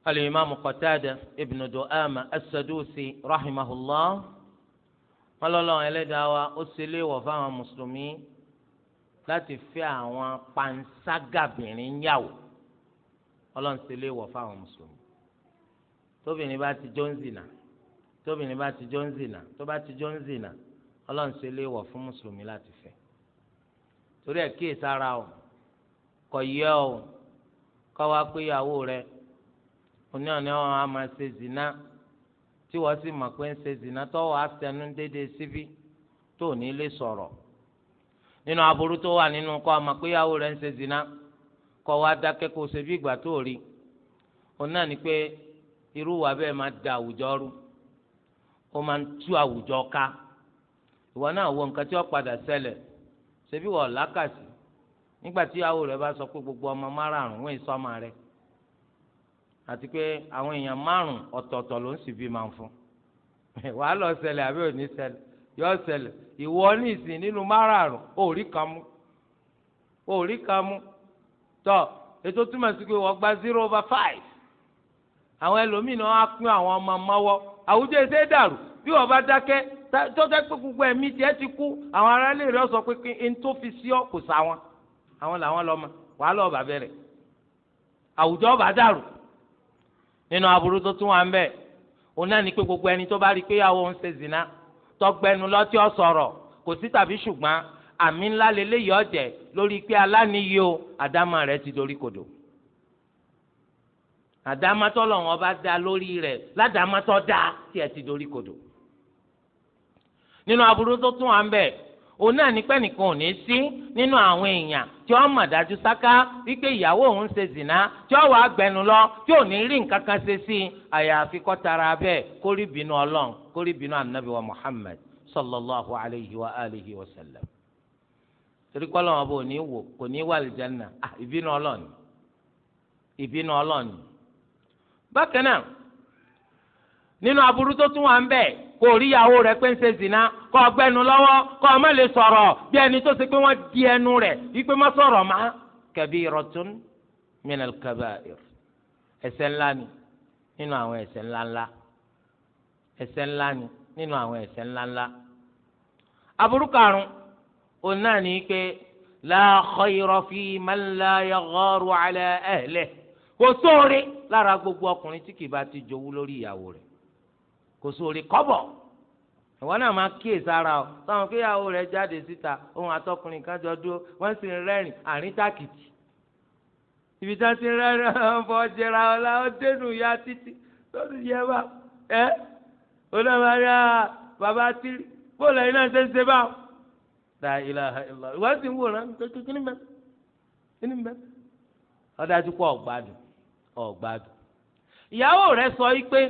alimami Qatada ibn Du'ama as-Sadusi rahimahullah wọn lọlọ Ẹlẹ́dàá wa ó sì léèwọ̀ fáwọn mùsùlùmí láti fẹ́ àwọn panṣágàbìnrin yàwó Ọlọ́run sì léèwọ̀ fáwọn mùsùlùmí tóbìnrin bá ti jó ń zìnà tóbìnrin bá ti jó tó bá ti jó ń zìnà Ọlọ́run fún mùsùlùmí láti fẹ́. torí ẹ̀ kíyè sára o kọ̀ yẹ o kọ rẹ oní ọ̀nà á máa ṣe zina tí wọ́n sì mọ̀ pé ń ṣe zina tọ́wọ́ á tẹnu déédéé síbí tó ní lè sọ̀rọ̀ nínú aburú tó wà nínú kọ́ ọmọ pé ìyàwó rẹ ń ṣe zina kọ́ dákẹ́ kó ṣe bí ni pé irú wa bẹ́ẹ̀ máa da àwùjọ rú máa ń tú àwùjọ ká ìwọ náà nǹkan ṣebí wọ làákàsì nígbà tí ìyàwó rẹ bá sọ pé gbogbo ọmọ márààrún wọn èso ọmọ rẹ àti pé àwọn èèyàn márùn ọ̀tọ̀ọ̀tọ̀ ló ń sì bí máa ń fún wàá lọ ṣẹlẹ̀ àbí òní ṣẹlẹ̀ yọ ṣẹlẹ̀ ìwọ ní ìsìn nínú márààrún òòrí kan mú òòrí kan mú tọ ètò túmọ̀ sí pé wọ́n gba zero over five àwọn ẹlòmíì náà á pín àwọn ọmọ mọ́wọ́ àwùjọ ètè dàrú bí wọ́n bá dákẹ́ tọ́jà pé gbogbo ẹ̀mí tiẹ̀ ti kú àwọn aráàlú rẹ̀ sọ pé kí n tó fi sí ọ kò sá wọn àwọn làwọn lọ mọ wàá lọ bà bẹ̀rẹ̀ àwùjọ bá dàrú nínú aburú tó tún wà ń bẹ̀ òun náà ní pé gbogbo ẹni tó bá rí i pé ìyàwó ń ṣe zina tọgbẹnu lọtí ọ sọ̀rọ̀ kò sí tàbí ṣùgbọ́n àmì ńlá lélẹyìí ọjẹ lórí pé aláníyìí o àdámà rẹ̀ ti dorí kodò àdámà tọlọ wọn bá dá lórí rẹ̀ ládàámà tọ dá tí ti dorí kodò nínú aburú tó tún wà ń bẹ òun náà ní pẹ́nìkan ò ní sí nínú àwọn èèyàn tí ó mọ̀ dájú sáká wípé ìyàwó òun ṣe zìnà tí ó wà gbẹnu lọ tí ò ní rí nǹkan kan ṣe sí i àyàfi kó tara bẹ́ẹ̀ kó bínú ọlọ́run kó bínú anabi wa muhammad sallallahu alayhi wa alihi wa sallam. torí kọ́ lọ́wọ́ bó ní wò kò ní wà lìjánná ah, ìbínú ọlọ́run ìbínú ọlọ́run bákan náà nínú aburú tó tún wà ń bẹ kó o rí ìyàwó rẹ pé ń ṣe zina kó o gbẹnu lọ́wọ́ kó o má lè sọ̀rọ̀ bí ẹni tó ṣe pé wọ́n di ẹnu rẹ̀ wípé má sọ̀rọ̀ má kabiratun minal kabair ẹ̀ṣẹ̀ ńlá ni nínú àwọn ẹ̀ṣẹ̀ ńláńlá ẹ̀ṣẹ̀ ńlá ni nínú àwọn ẹ̀ṣẹ̀ ńláńlá aburú karùn òun náà ní pé la khayra fi man la yagharu ala ahlihi kò sóore lára gbogbo ọkùnrin tí kì bá ti jowú lórí ìyàwó rẹ̀ kò sóore kọ́bọ̀ ìwọ náà máa kíyè sára o táwọn kíyàwó rẹ jáde síta ohun àtọkùnrin kan jọ dúró wọ́n sì ń rẹ́rìn àrín tàkìtì ibi tá a ti rẹ́rìn ọ̀fọ̀ jẹra ọ̀la ó dénú ya títí lọ́dún yẹ bá ẹ́ onáwárí ah, bàbá tí bóòlù ẹ̀yin náà ṣe ń ṣe bá o. ta ilaha illa ìwọ sì ń wòran kékeré kí ni bẹ́ẹ̀ kí ni bẹ́ẹ̀ ọ̀dájú pọ̀ ọ̀gbádùn ọ̀gbádùn ìyàwó rẹ sọ yìí pé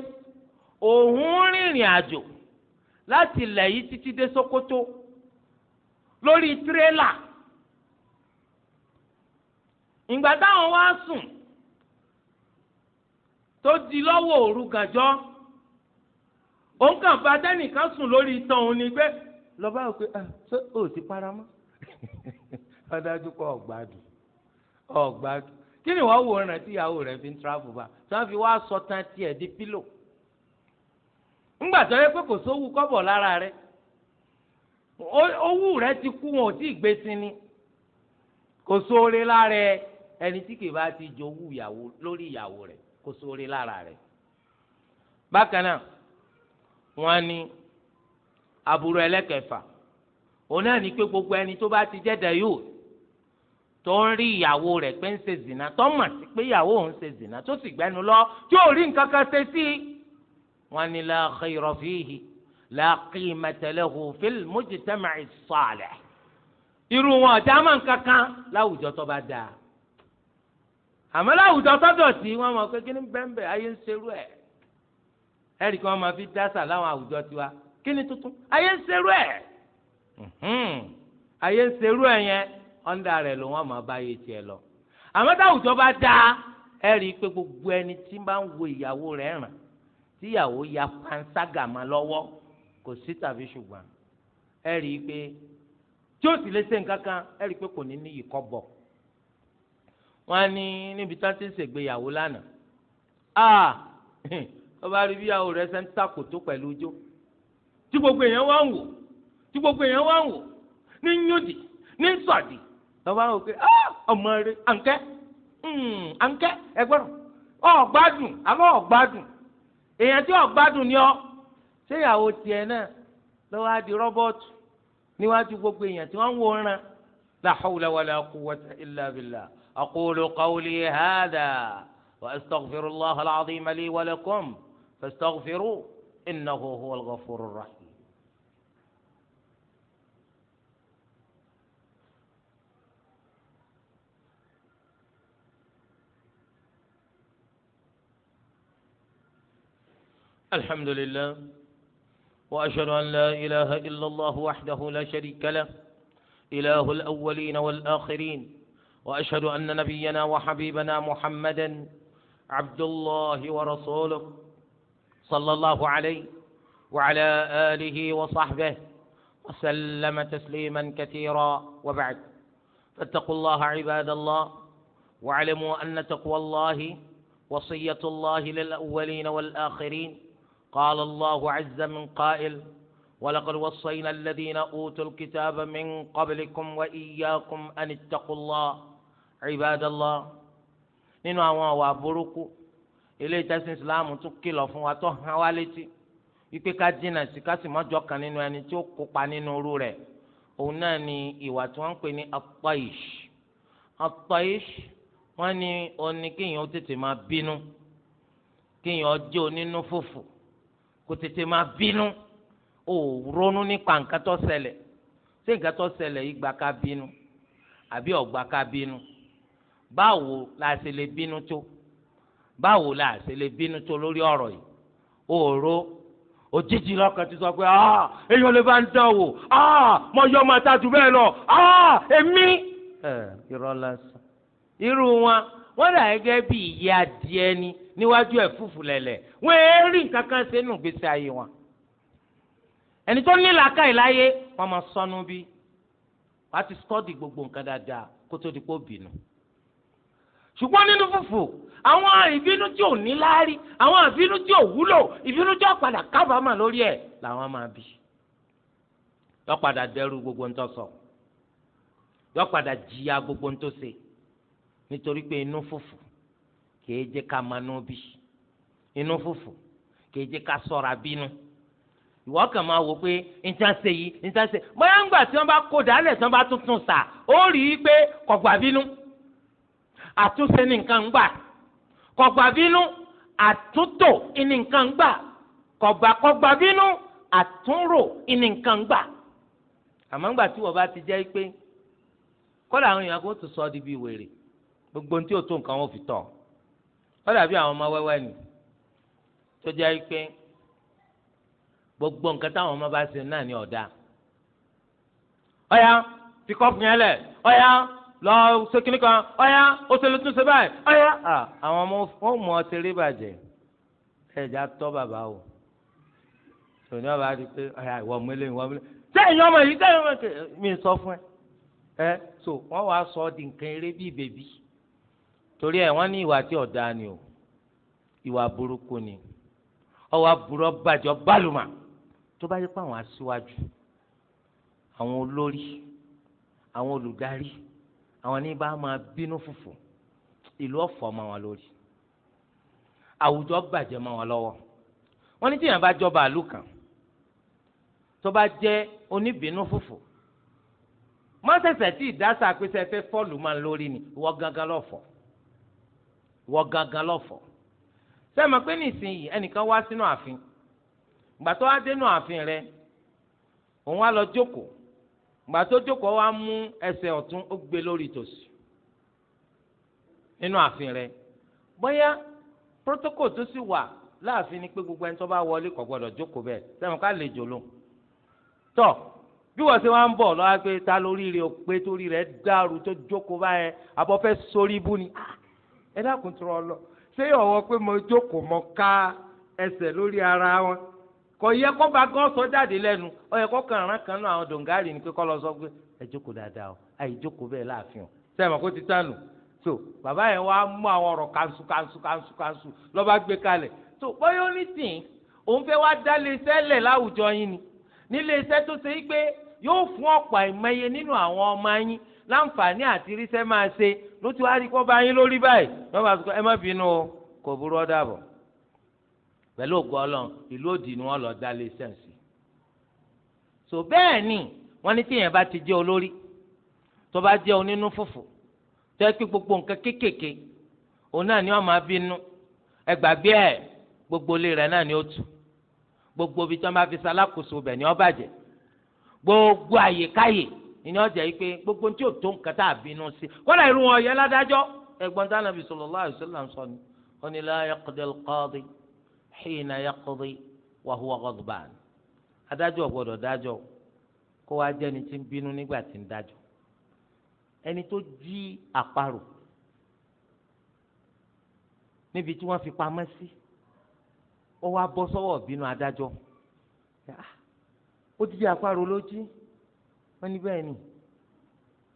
òun rìnrìn àjò láti ilẹ̀ yìí títí dé Sokoto lórí tirẹ́là ìgbà táwọn wá sùn tó di lọ́wọ́ òru gànjọ́ òun kàn bá tẹ́nìkan sùn lórí itan òun ni pé lọ́ba ò pé ah, ṣé o ti para mọ́ ọ̀dájú kọ́ ọ̀gbádùn ọ̀gbádùn kí ni wọ́n wò ó rántí ìyàwó rẹ̀ fi ń tíráfù bá tí wọ́n fi wá sọ tán tiẹ̀ di pílò ńgbà tó yẹ pé kò sówú kọ́bọ̀ lára rẹ owú rẹ ti kú wọn ò tí ì gbé sinmi kò sóore lára ẹ ẹni tí kì bá ti jowú ìyàwó lórí ìyàwó rẹ kò sóore lára rẹ bákan náà wọn ní aburú ẹlẹ́kẹfà òun náà ní pé gbogbo ẹni tó bá ti jẹ́dá yóò tó ń rí ìyàwó rẹ̀ pé ń ṣe zìnà tó mọ̀ sí pé ìyàwó òun ṣe zìnà tó sì gbẹnu lọ tí ò rí nǹkan kan ṣe sí i wọ́n ní la khayra fihi la qimata lahu fil mujtama'i salih irú wọn ọ̀já máa ń kankan láwùjọ tó bá dáa àmọ́ láwùjọ tó dọ̀tí wọ́n mọ̀ pé kíni bẹ́ẹ̀nbẹ́ẹ́ ayé ń serú ẹ̀ ẹ̀rì kí wọ́n máa fi dásà láwọn àwùjọ tiwa kíni tuntun ayé ń serú ẹ̀ ayé ń serú ẹ̀ yẹn ọ̀ndà rẹ̀ ló wọ́n máa bá yé tiẹ̀ lọ àmọ́ táwùjọ bá dáa ẹ̀rì pé gbogbo ẹni tí bá ń wo ìyàwó rẹ̀ ràn tíyàwó ya panṣágàmà lọ́wọ́ kò sí tàbí ṣùgbọ́n ẹ rí i pé tí ó sì lè ṣe nǹkan kan ẹ rí i pé kò ní ní ìkọ́ bọ̀ wọ́n á ní níbi tí wọ́n ti ń ṣègbéyàwó lánàá ah wọ́n bá rí bíyàwó rẹ̀ ṣe ń takòtó pẹ̀lú ojó tí gbogbo èèyàn wá ń wò tí gbogbo èèyàn wá ń wò ní nyódì ní sọ̀dì wọ́n bá ń pé ah ọmọ rẹ̀ ànkẹ́ ànkẹ́ ẹgbẹ́rún ọ̀gbádùn àmọ́ ọ̀gbádùn èèyàn tí ó gbádùn ni ọ ṣé ìyàwó tiẹ̀ náà lọ́wọ́ á di rọ́bọ́ọ̀tù níwájú gbogbo èèyàn tí wọ́n ń wòran la hawla wala quwwata illa billah aqulu qawli hadha wa astaghfirullaha al-azima li wa lakum fastaghfiruhu innahu الحمد لله وأشهد أن لا إله إلا الله وحده لا شريك له إله الأولين والآخرين وأشهد أن نبينا وحبيبنا محمدا عبد الله ورسوله صلى الله عليه وعلى آله وصحبه وسلم تسليما كثيرا وبعد فاتقوا الله عباد الله واعلموا أن تقوى الله وصية الله للأولين والآخرين قال الله عز من قائل ولقد وصينا الذين اوتوا الكتاب من قبلكم واياكم ان اتقوا الله عباد الله nínú àwọn àwà burúkú ilé ìtẹ́sìn islam tún kìlọ̀ fún wa tó hàn wá létí wípé ká jìnnà sí ká sì mọ́jọ́ kan nínú ẹni tí ó kópa nínú irú rẹ̀ òun náà ni ìwà tí wọ́n ń pè ní at-taish at-taish wọ́n ní oní kéèyàn ó tètè máa bínú kéèyàn ó jẹ́ onínú fòfò kò tètè máa bínú ò ronú nípa nǹkan tó ṣẹlẹ̀ ṣé nǹkan tó ṣẹlẹ̀ yìí gba ká bínú àbí ò gba ká bínú báwo la ṣe lè bínú tó báwo la ṣe lè bínú tó lórí ọ̀rọ̀ yìí òòró òjijì lọ́kàn ti sọ pé ah èyí ò lè bá ń dán wò ah mo yọ ọmọ àtàtù bẹ́ẹ̀ lọ ah èmi. ẹ irọ́ lásán irú wọn wọ́n rà gẹ́gẹ́ bí ìyẹ́ adìẹ ni níwájú ẹ̀ fùfù lẹ̀lẹ̀ wọ́n ẹ̀ rí nǹkan kan sínú gbèsè ayé wọn. ẹni tó ní làákàyè láyé wọ́n máa sọnù bí wọ́n á ti sọ́ọ̀dì gbogbo nǹkan dáadáa kó tó di pé ó bínú. ṣùgbọ́n nínú fùfù àwọn ìbínú tí ò ní láárí àwọn ìbínú tí ò wúlò ìbínú tí ó padà kábàámà lórí ẹ̀ làwọn máa bí. yọ padà dẹrù gbogbo ń tọ́ sọ yọ padà jìyà gbogbo ń tó ṣe nítorí pé inú fùfù kìí jẹ́ ká manú bí inú fùfù kìí jẹ́ ká sọ̀ra bínú ìwọ kàn máa wò pé níta ṣe yìí níta ṣe bóyá ńgbà tí wọ́n bá kó dálẹ̀ tí wọ́n bá tuntun sà ó rí i pé kọ̀gbà bínú àtúnṣe ní nǹkan ń gbà kọ̀gbà bínú àtúntò ní nǹkan ń gbà kọ̀gbà kọ̀gbà bínú àtúnrò ní nǹkan ń gbà àmọ́ ńgbà tí wọ́n bá ti jẹ́ pé kọ́lá àwọn èèyàn kò tún sọ ọ́ di bíi wèrè gbogbo ní tí o tó nǹkan wọn fi tọ̀ ọ dàbí àwọn ọmọ wẹ́wẹ́ ni tó jẹ́ pé gbogbo nǹkan táwọn ọmọ bá ṣe náà ní ọ̀dà ọ̀yá fi kọ́ọ̀pù yẹn lẹ̀ ọ̀yá lọ ṣe kínní kan ọ̀yá ó ṣe lè tún ṣe báyìí ọ̀yá àwọn ọmọ wọn mọ ọtí rí bàjẹ́ ẹ̀já tọ́ bàbá o tòní ọba di pé ọ̀yá ìwọ mélé ìwọ mélé sẹ́yìn ọmọ yìí sẹ́yìn ọmọ yìí mi sọ fún ẹ ẹ so wọ́n wá sọ ọ́ di nǹkan eré bíi bèbí torí ẹ̀ wọ́n ní ìwà tí ọ̀dà ni o ìwà burúkú ni ọwọ́ aburú bàjọ́ bálùmà tó bá yẹ pé àwọn aṣíwájú àwọn olórí àwọn olùdarí àwọn ní bá máa bínú fùfù ìlú ọ̀fọ̀ máa wà lórí àwùjọ bàjẹ́ máa wà lọ́wọ́ wọ́n ní tíyàn bá jọba àlù kan tó bá jẹ́ oníbínú fùfù má tí ìdásà pé sẹ́fẹ́ fọ́ọ̀lù máa lórí ni ìwọ gangan lọ́fọ̀ọ́ wọ gangan lọ́fọ̀ sẹ́mi pé nísìnyí ẹnìkan wá sínú ààfin gbà tó wá dénú ààfin rẹ òun wá lọ jókòó gbà tó jókòó wá mú ẹsẹ̀ ọ̀tún ó gbé lórí tòsì nínú ààfin rẹ bóyá protocol tó sì wà láàfin ni pé gbogbo ẹni tó bá wọlé kò gbọdọ̀ jókòó bẹ́ẹ̀ sẹ́mi ká lè jòló tọ́ bí wọ́n ṣe wá ń bọ̀ lọ́wọ́ pé ta lórí rẹ̀ pé torí rẹ̀ dàrú tó jókòó báyẹn abọ́ fẹ́ sórí ibú ni ẹ dákun tó rọ lọ ṣé ọwọ́ pé mo jókòó mo ká ẹsẹ̀ lórí ara wọn kò yẹ kó bá gán sọ jáde lẹ́nu ó yẹ kó kàn rán kan náà àwọn dòǹgárì ni pé kó lọ sọ pé ẹ jókòó dáadáa o àì jókòó bẹ́ẹ̀ láàfin o sẹ́wọ̀n kó ti tán nù so bàbá yẹn wá mú àwọn ọ̀rọ̀ kanṣu kanṣu kanṣu kanṣu lọ́ba gbé kalẹ̀ so bóyá ó ní tìǹ òun fẹ́ wá dá iléeṣẹ́ lẹ̀ láwùjọ yín ni níléeṣẹ́ tó ṣe é pé yóò fún ọ̀pọ̀ àìmọye nínú àwọn ọmọ yín láǹfààní àti irísẹ́ máa ṣe ló ti wá rí kó bá yín lórí báyìí lọ́ba àti ẹ má bínú o kò burú ọ̀dà bọ̀ pẹ̀lú ògo ọlọ́run ìlú òdì ni wọ́n lọ dá lé sẹ́ǹsì so bẹ́ẹ̀ ni wọ́n ní tíyẹn bá ti jẹ́ olórí tó bá jẹ́ onínú fùfù tó yẹ pé gbogbo nǹkan kéékèèké òun náà ni wọ́n máa bínú ẹgbàgbé ẹ̀ gbogbo ilé rẹ̀ náà ni ó tù gbogbo ibi tí wọ́n bá fi ṣalákòóso bẹ̀ ìní ọjà yìí pé gbogbo tí ò tó nǹkan tá a bínú sí kọ́lá irú wọn yẹ ládájọ́ ẹ̀gbọ́n tá nàbì sallallahu alaihi wasallam sọ ni ó ní la yaqdi al-qadi hina yaqdi wa huwa ghadban adájọ́ gbọ́dọ̀ dájọ́ kó wá jẹ́ni tí ń bínú nígbà tí ń dájọ́ ẹni tó jí àparò níbi tí wọ́n fi pamọ́ sí ó wá sọ́wọ́ bínú adájọ́ ó ti jí àparò ló jí wọ́n ní bẹ́ẹ̀ ni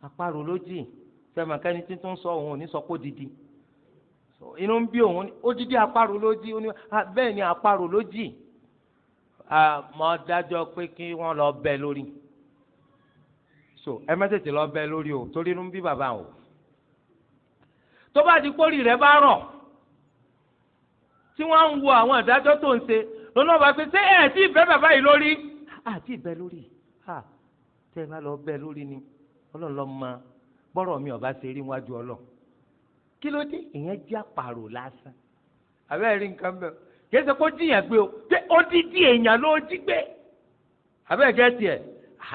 àparò ló jì fẹ́mi akẹ́ni tí tó ń sọ òun ò ní sọ pé odidi inú ń bí òun odidi àparò ló jì ah, bẹ́ẹ̀ ni àparò ló jì mọ́ dájọ́ pé kí wọ́n lọ bẹ lórí so ẹ má tètè lọ bẹ lórí o torí inú ń bí bàbá o tó bá di kórì rẹ bá rọ̀ tí wọ́n ń wo àwọn ìdájọ́ tó ń ṣe lọ́nà bá ṣe ṣé ẹ̀ tí ì bẹ́ bàbá yìí lórí àti ìbẹ́ lórí yìí tẹ́ ẹ bá lọ bẹ́ẹ̀ lórí ni ọlọ́run lọ mọ bọ́rọ̀ mi ọba ṣe rí wájú ọlọ́run kí ló dé ìyẹn jẹ́ àpàrò lásán àbẹ́ẹ̀ rí nǹkan bẹ́ẹ̀ kìí ṣe kó jiyàn gbé o pé ó ti di èèyàn ló jí gbé àbẹ́ẹ̀ jẹ́ tiẹ̀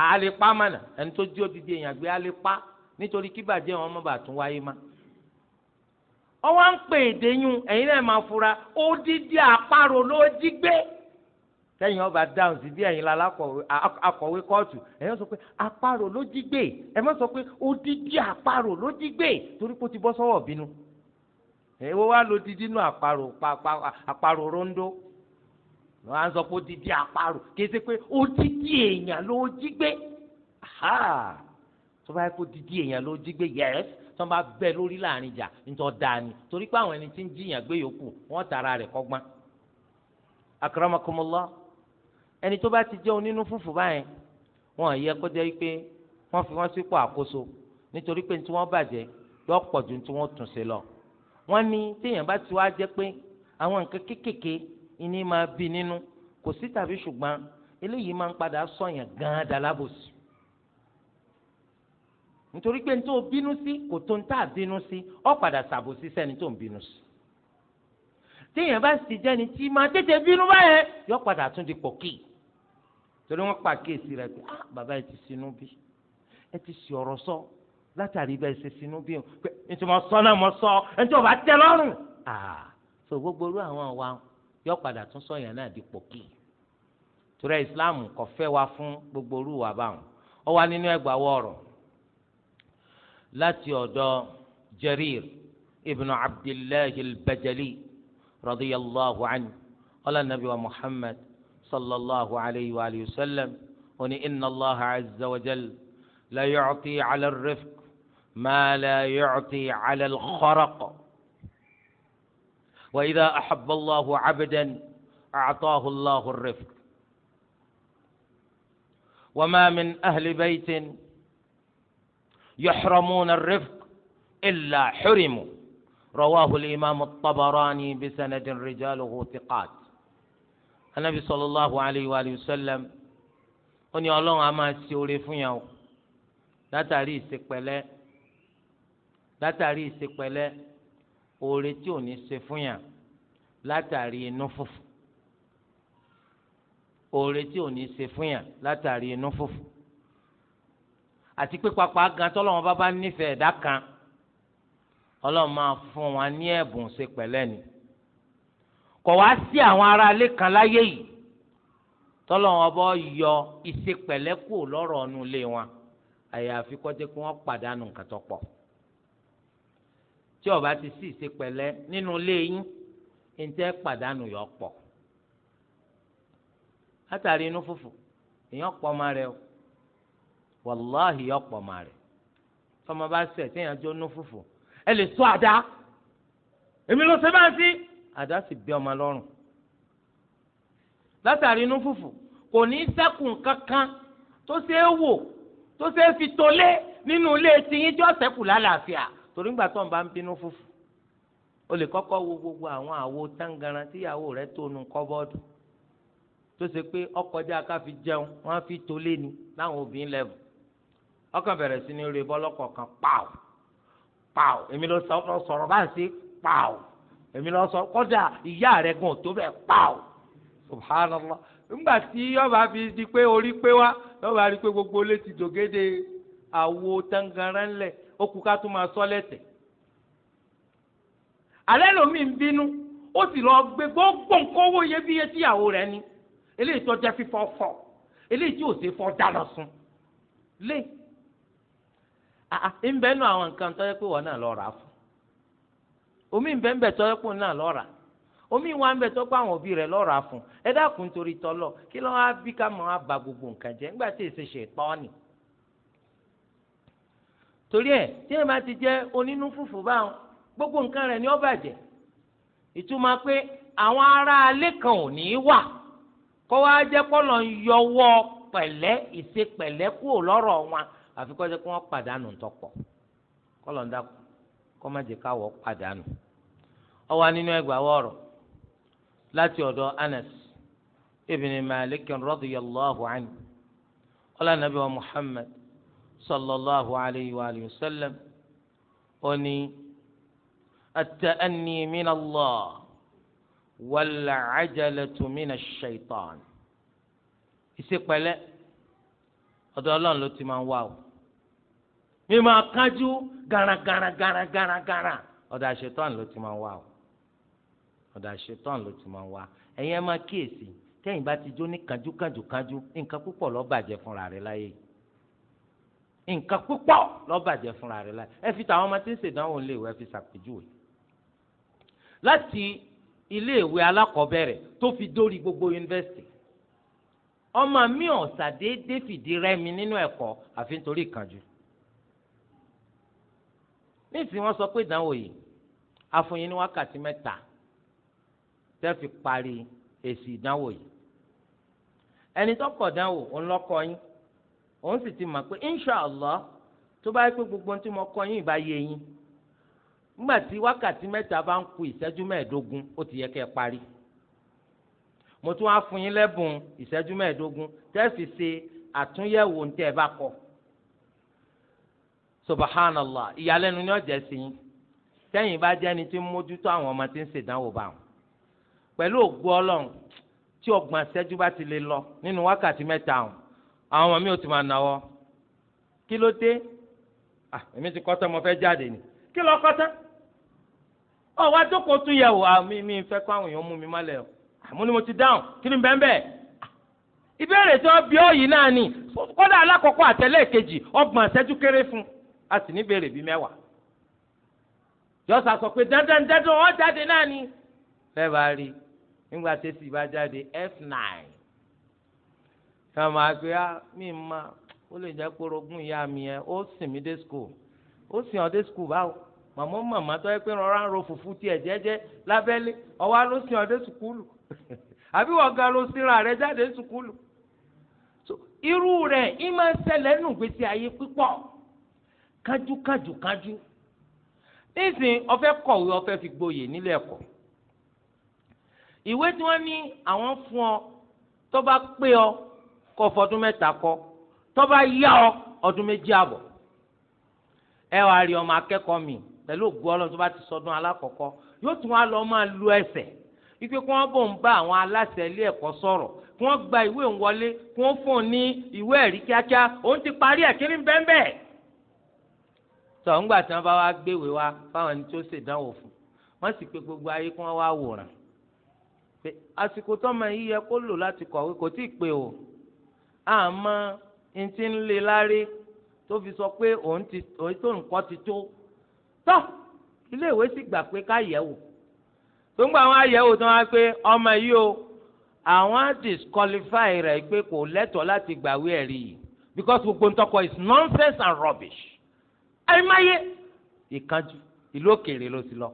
àlepa mọ̀nà ẹni tó jí ó ti di èèyàn gbé àlepa nítorí kí bàjẹ́ wọn mọ̀ bàtún wáyé má ọwọ́ ń pè é déyún ẹ̀yin náà máa fura ó dídí àparò ló jí gbé tẹ́yìn ọba dáhùn sí bí ẹ̀yin la akọ̀wé kóòtù ẹ̀yin sọ pé àparò ló jí gbé ẹ má sọ pé odidi àparò ló jí gbé torí kó ti bọ́ sọ́wọ́ bínú èwo wá lo didi nù àparò àparò rondo wọn á sọ pé odidi àparò kì í ṣe pé odidi èèyàn ló jí gbé tó bá yẹ kó odidi èèyàn ló jí gbé yẹs tó bá bẹ lórí láàrin ìjà nítorí ọ̀dà ni torí pé àwọn ẹni tí ń jiyàn gbé yòókù wọn tara rẹ̀ kọ́gbọ́n akramakumullah ẹni tó bá ti jẹ́ onínú fúnfù báyẹn wọn yẹ kó jẹ́ pé wọ́n fi wọ́n sípò àkóso nítorí pé tí wọ́n bàjẹ́ yọ pọ̀ ju tí wọ́n tún ṣe lọ. wọ́n ní téèyàn bá ti wá jẹ́ pé àwọn nǹkan kéékèèké ìní máa bí nínú kò sí tàbí ṣùgbọ́n eléyìí máa ń padà sọ̀yàn gan-an dalábòsì. nítorí pé tó bínú sí kò tó ń tà bínú sí ọ padà ṣàbòsí sẹ́ni tó ń bínú sí. téèyàn bá sì jẹ́ni tí máa tètè bínú báyẹn yọ padà tún di pọ̀ kíì torí wọn pàkíyèsí rẹ pé ah bàbá ẹ ti sinú bí ẹ ti sì ọ̀rọ̀ sọ látàrí bẹ́ẹ̀ ṣe sinú bí o pé nítorí mo sọ náà mo sọ ẹni tí o bá tẹ́ lọ́rùn ah so gbogbo irú àwọn wa yọ padà tún sọ yẹn náà di pòkì torí Islam kò fẹ́ wa fún gbogbo irú wa báwọn ó wà nínú ẹgbàá wọ̀ọ̀rọ̀ láti ọ̀dọ̀ Jarir ibn Abdillah al-Bajali radiyallahu anhu ọlá nàbí wa Muhammad. صلى الله عليه وآله وسلم وني إن الله عز وجل لا يعطي على الرفق ما لا يعطي على الخرق وإذا أحب الله عبدا أعطاه الله الرفق وما من أهل بيت يحرمون الرفق إلا حرموا رواه الإمام الطبراني بسند رجاله ثقات anabi sallallahu alayhi wa sallam ó ní Ọlọ́run a máa ṣe oore fún yàn o látàrí ìṣepẹ̀lẹ́ látàrí ìṣepẹ̀lẹ́ oore tí ò ní ṣe fún yàn látàrí inú fùfù oore tí ò ní ṣe fún yàn látàrí inú fùfù àti pé pàápàá gan tọ́lọ́wọ́n bá bá nífẹ̀ẹ́ ẹ̀dá kan ọlọ́run máa fún wa ní ẹ̀bùn ṣe pẹ̀lẹ́ ni. kọwaa si sí àwọn ará ilé kan láyé yìí tọ́lọ́wọ́n bọ́ yọ ìṣepẹ̀lẹ́ kù lọ́rọ̀ ọ̀nù ilé wọn àyàfi kọ́jẹ́ kí wọ́n pàdánù nǹkan tó pọ̀ tí ó ti sí ìṣepẹ̀lẹ́ nínú ilé yín ntẹ́ pàdánù yọ pọ̀ látàrí inú fùfù èèyàn pọ̀ ọmọ rẹ o wàláhì yọ pọ̀ ọmọ rẹ tọmọ bá ṣẹ̀ téèyàn jó inú fùfù ẹ lè sọ àdá èmi àdá sì bẹ́ ọmọ lọ́rùn látàrí inú fùfù kò ní sẹ́kùn kankan tó ṣe é wò tó ṣe é fi tolé nínú ilé tiyín tí ó ṣẹ́kù lálàáfíà torí ńgbà tó ń bá ń bínú fùfù o lè kọ́kọ́ wo gbogbo àwọn àwo tangaran tíyàwó rẹ̀ tónu kọ́bọ́ọ̀dù tó ṣe pé ọkọjá ká fi jẹun wọ́n á fi tolé ni láwọn obìnrin lẹ́bù ọkàn bẹ̀rẹ̀ sí ní rè bọ́lọ́kọ̀ kan pàù pàù èmi ló sọ̀rọ̀ bá ń ṣe èmi lọ sọ kọ́dà ìyá rẹ̀ gan tó bẹ́ẹ̀ pàù subhanallah ńgbà tí yọba fi di pé orí pé wá yọba rí pé gbogbo olè ti dògede àwo tangaran lẹ̀ ó kú ká tún máa sọ lẹ́tẹ̀ alẹ́ lomi ń bínú ó sì lọ gbé gbogbo nǹkan owó iyebíye tíyàwó rẹ̀ ni eléyìí tó jẹ́ fífọ́ fọ́ eléyìí tí ò sí fọ́ dáná sun lé ǹbẹ́ nù àwọn nǹkan tó yẹ pé wọ́n náà lọ rà fún omi ń bẹ ń bẹ tọ́ pò náà lọ́ra omi wa ń bẹ tọ́ pé àwọn fún ẹ torí tọ́lọ̀ kí ló wá bí ká máa ba gbogbo nǹkan jẹ́ nígbà tí èsì ṣe torí ẹ tí ẹ bá ti jẹ onínú fùfù gbogbo nǹkan ni bàjẹ́ ìtumọ̀ pé àwọn ará wà kó wá jẹ́ yọwọ́ pẹ̀lẹ́ ìṣe wọn àfi kó wọ́n ó wà nínú ẹgbàá wọ̀rọ̀ láti ọ̀dọ̀ Anas ibn Malik radiyallahu anhu ọlá nàbí wa Muhammad sallallahu alayhi wa sallam ó ní at-ta'anni min Allah wal-'ajalatu min ash-shaytan ìṣepẹ̀lẹ́ ọ̀dọ̀ Ọlọ́run ló ti máa ń wá o mímọ akájú garagara garagara ọ̀dọ̀ àṣetán ló ti máa ń wá o ọ̀dà ṣetán ló ti máa wá ẹ̀yin ẹ máa kíyèsí tẹ́yìn bá ti jó ní kanjú kanjú kanjú nǹkan púpọ̀ ló bàjẹ́ fúnra rẹ̀ láyé nǹkan púpọ̀ ló bàjẹ́ fúnra rẹ̀ láyé ẹ fi tàwọn ọmọ tí ń ṣèdánwò ilé ìwé fi ṣàpèjúwe láti ilé ìwé alákọ̀ọ́bẹ̀rẹ̀ tó fi dórí gbogbo yunifásitì ọmọ mi ò ṣàdédé fìdí rẹmi nínú ẹ̀kọ́ àfi nítorí ìkánjú nísìnyí wọ́n sọ pé ìdánwò yìí a fún yín ní wákàtí mẹ́ta tẹ́ fi parí èsì ìdánwò yìí ẹni tó kọ̀ dánwò òun lọ́kọ yín òun sì ti mọ̀ pé inshàlá tó bá yẹ pé gbogbo ohun tí mo kọ yín ìbá yé yín nígbà tí wákàtí mẹ́ta bá ń ku ìṣẹ́jú mẹ́ẹ̀ẹ́dógún ó ti yẹ kẹ́ ẹ parí mo tún wá fún yín lẹ́bùn ìṣẹ́jú mẹ́ẹ̀ẹ́dógún tẹ́ fi ṣe àtúnyẹ̀wò ní tẹ́ ẹ bá kọ subhanallah ìyàlẹ́nu ni ọ̀jẹ̀ sí yín tẹ́yìn bá jẹ́ ẹni tí ń mójútó àwọn ọmọ tí ń ṣèdánwò bá wọn pẹ̀lú ògo ọlọ́run tí ọgbọ̀n ṣẹ́jú bá ti lè lọ nínú wákàtí mẹ́ta ọ̀hún àwọn ọmọ mi ò ti máa náwọ́ kí ló dé èmi ti kọ́ mo fẹ́ jáde ni kí lọ kọ́ tán ọ wá jókòó tún yẹ̀ wò àmì mi fẹ́ kó àwọn èèyàn mú mi má lẹ̀ o àmọ́ ni mo ti dáhùn kí ni bẹ́ẹ̀ bẹ́ẹ̀ ìbéèrè tí wọ́n bí ọ yìí náà ni kódà alákọ̀ọ́kọ́ àtẹlẹ́ kejì ọgbọ̀n ṣẹ́jú kéré fún a sì ní béèrè bíi mẹ́wàá jọ́sà sọ pé dandan dandan wọ́n jáde náà ni lẹ́ẹ̀bà rí nígbà tí èsì bá jáde f9 kàmá pé á mi ma ó lè jẹ́ pé orogún ìyá mi yẹn ó sìn mí dé school ó sìn ọ́ dé school báwo màmá màmá tó yẹ pé rọra ń ro fùfú tiẹ̀ jẹ́jẹ́ lábẹ́lé ọwọ́ ló sìn ọ́ dé sùkúlù àbí wọ́n gan ló sinra rẹ̀ jáde sùkúlù irú rẹ̀ ìmọ̀ ṣẹlẹ̀ nù gbèsè ayé pípọ̀ kájúkájúkájú nísìnyí ọ̀fẹ́ kọ̀wé ọ̀fẹ́ fi gboyè nílé ẹ̀kọ́ ìwé tí wọ́n ní àwọn fún ọ tó bá pé ọ kó fọdún mẹ́ta kọ tó bá yá ọ ọdún méjì àbọ̀ ẹ wàá rí ọmọ akẹ́kọ̀ọ́ mi pẹ̀lú ògùn ọlọ́run tó bá ti sọdún alákọ̀ọ́kọ́ yóò tún wá lọ máa lu ẹsẹ̀ ipe kí wọ́n bọ̀ ń bá àwọn aláṣẹ ilé ẹ̀kọ́ sọ̀rọ̀ kí wọ́n gba ìwé òun kí wọ́n fún un ní ìwé ẹ̀rí kíákíá òun ti parí ẹ̀kíní bẹ́ẹ̀ tọ̀ ńgbà tí wọ́n bá wá gbéwèé wá fáwọn ẹni tó ṣèdánwò fún wọ́n sì pé gbogbo ayé kí wọ́n wá wòran pé àsìkò tọ́mọ yìí yẹ kó lò láti kọ̀wé kò tí ì pé o àmọ́ n ti ń le lárí tó fi sọ pé òun ti òun tó nǹkan ti tó tọ́ iléèwé sì gbà pé ká yẹ̀ tó ń gba àwọn àyẹ̀wò tó wá pé ọmọ yìí o àwọn á disqualify rẹ̀ pé kò lẹ́tọ̀ọ́ láti gbàwé ẹ̀rí yìí because gbogbo ntọ́kọ is nonsense and rubbish àìmáyé ìkanjú ìlú òkèèrè ló ti lọ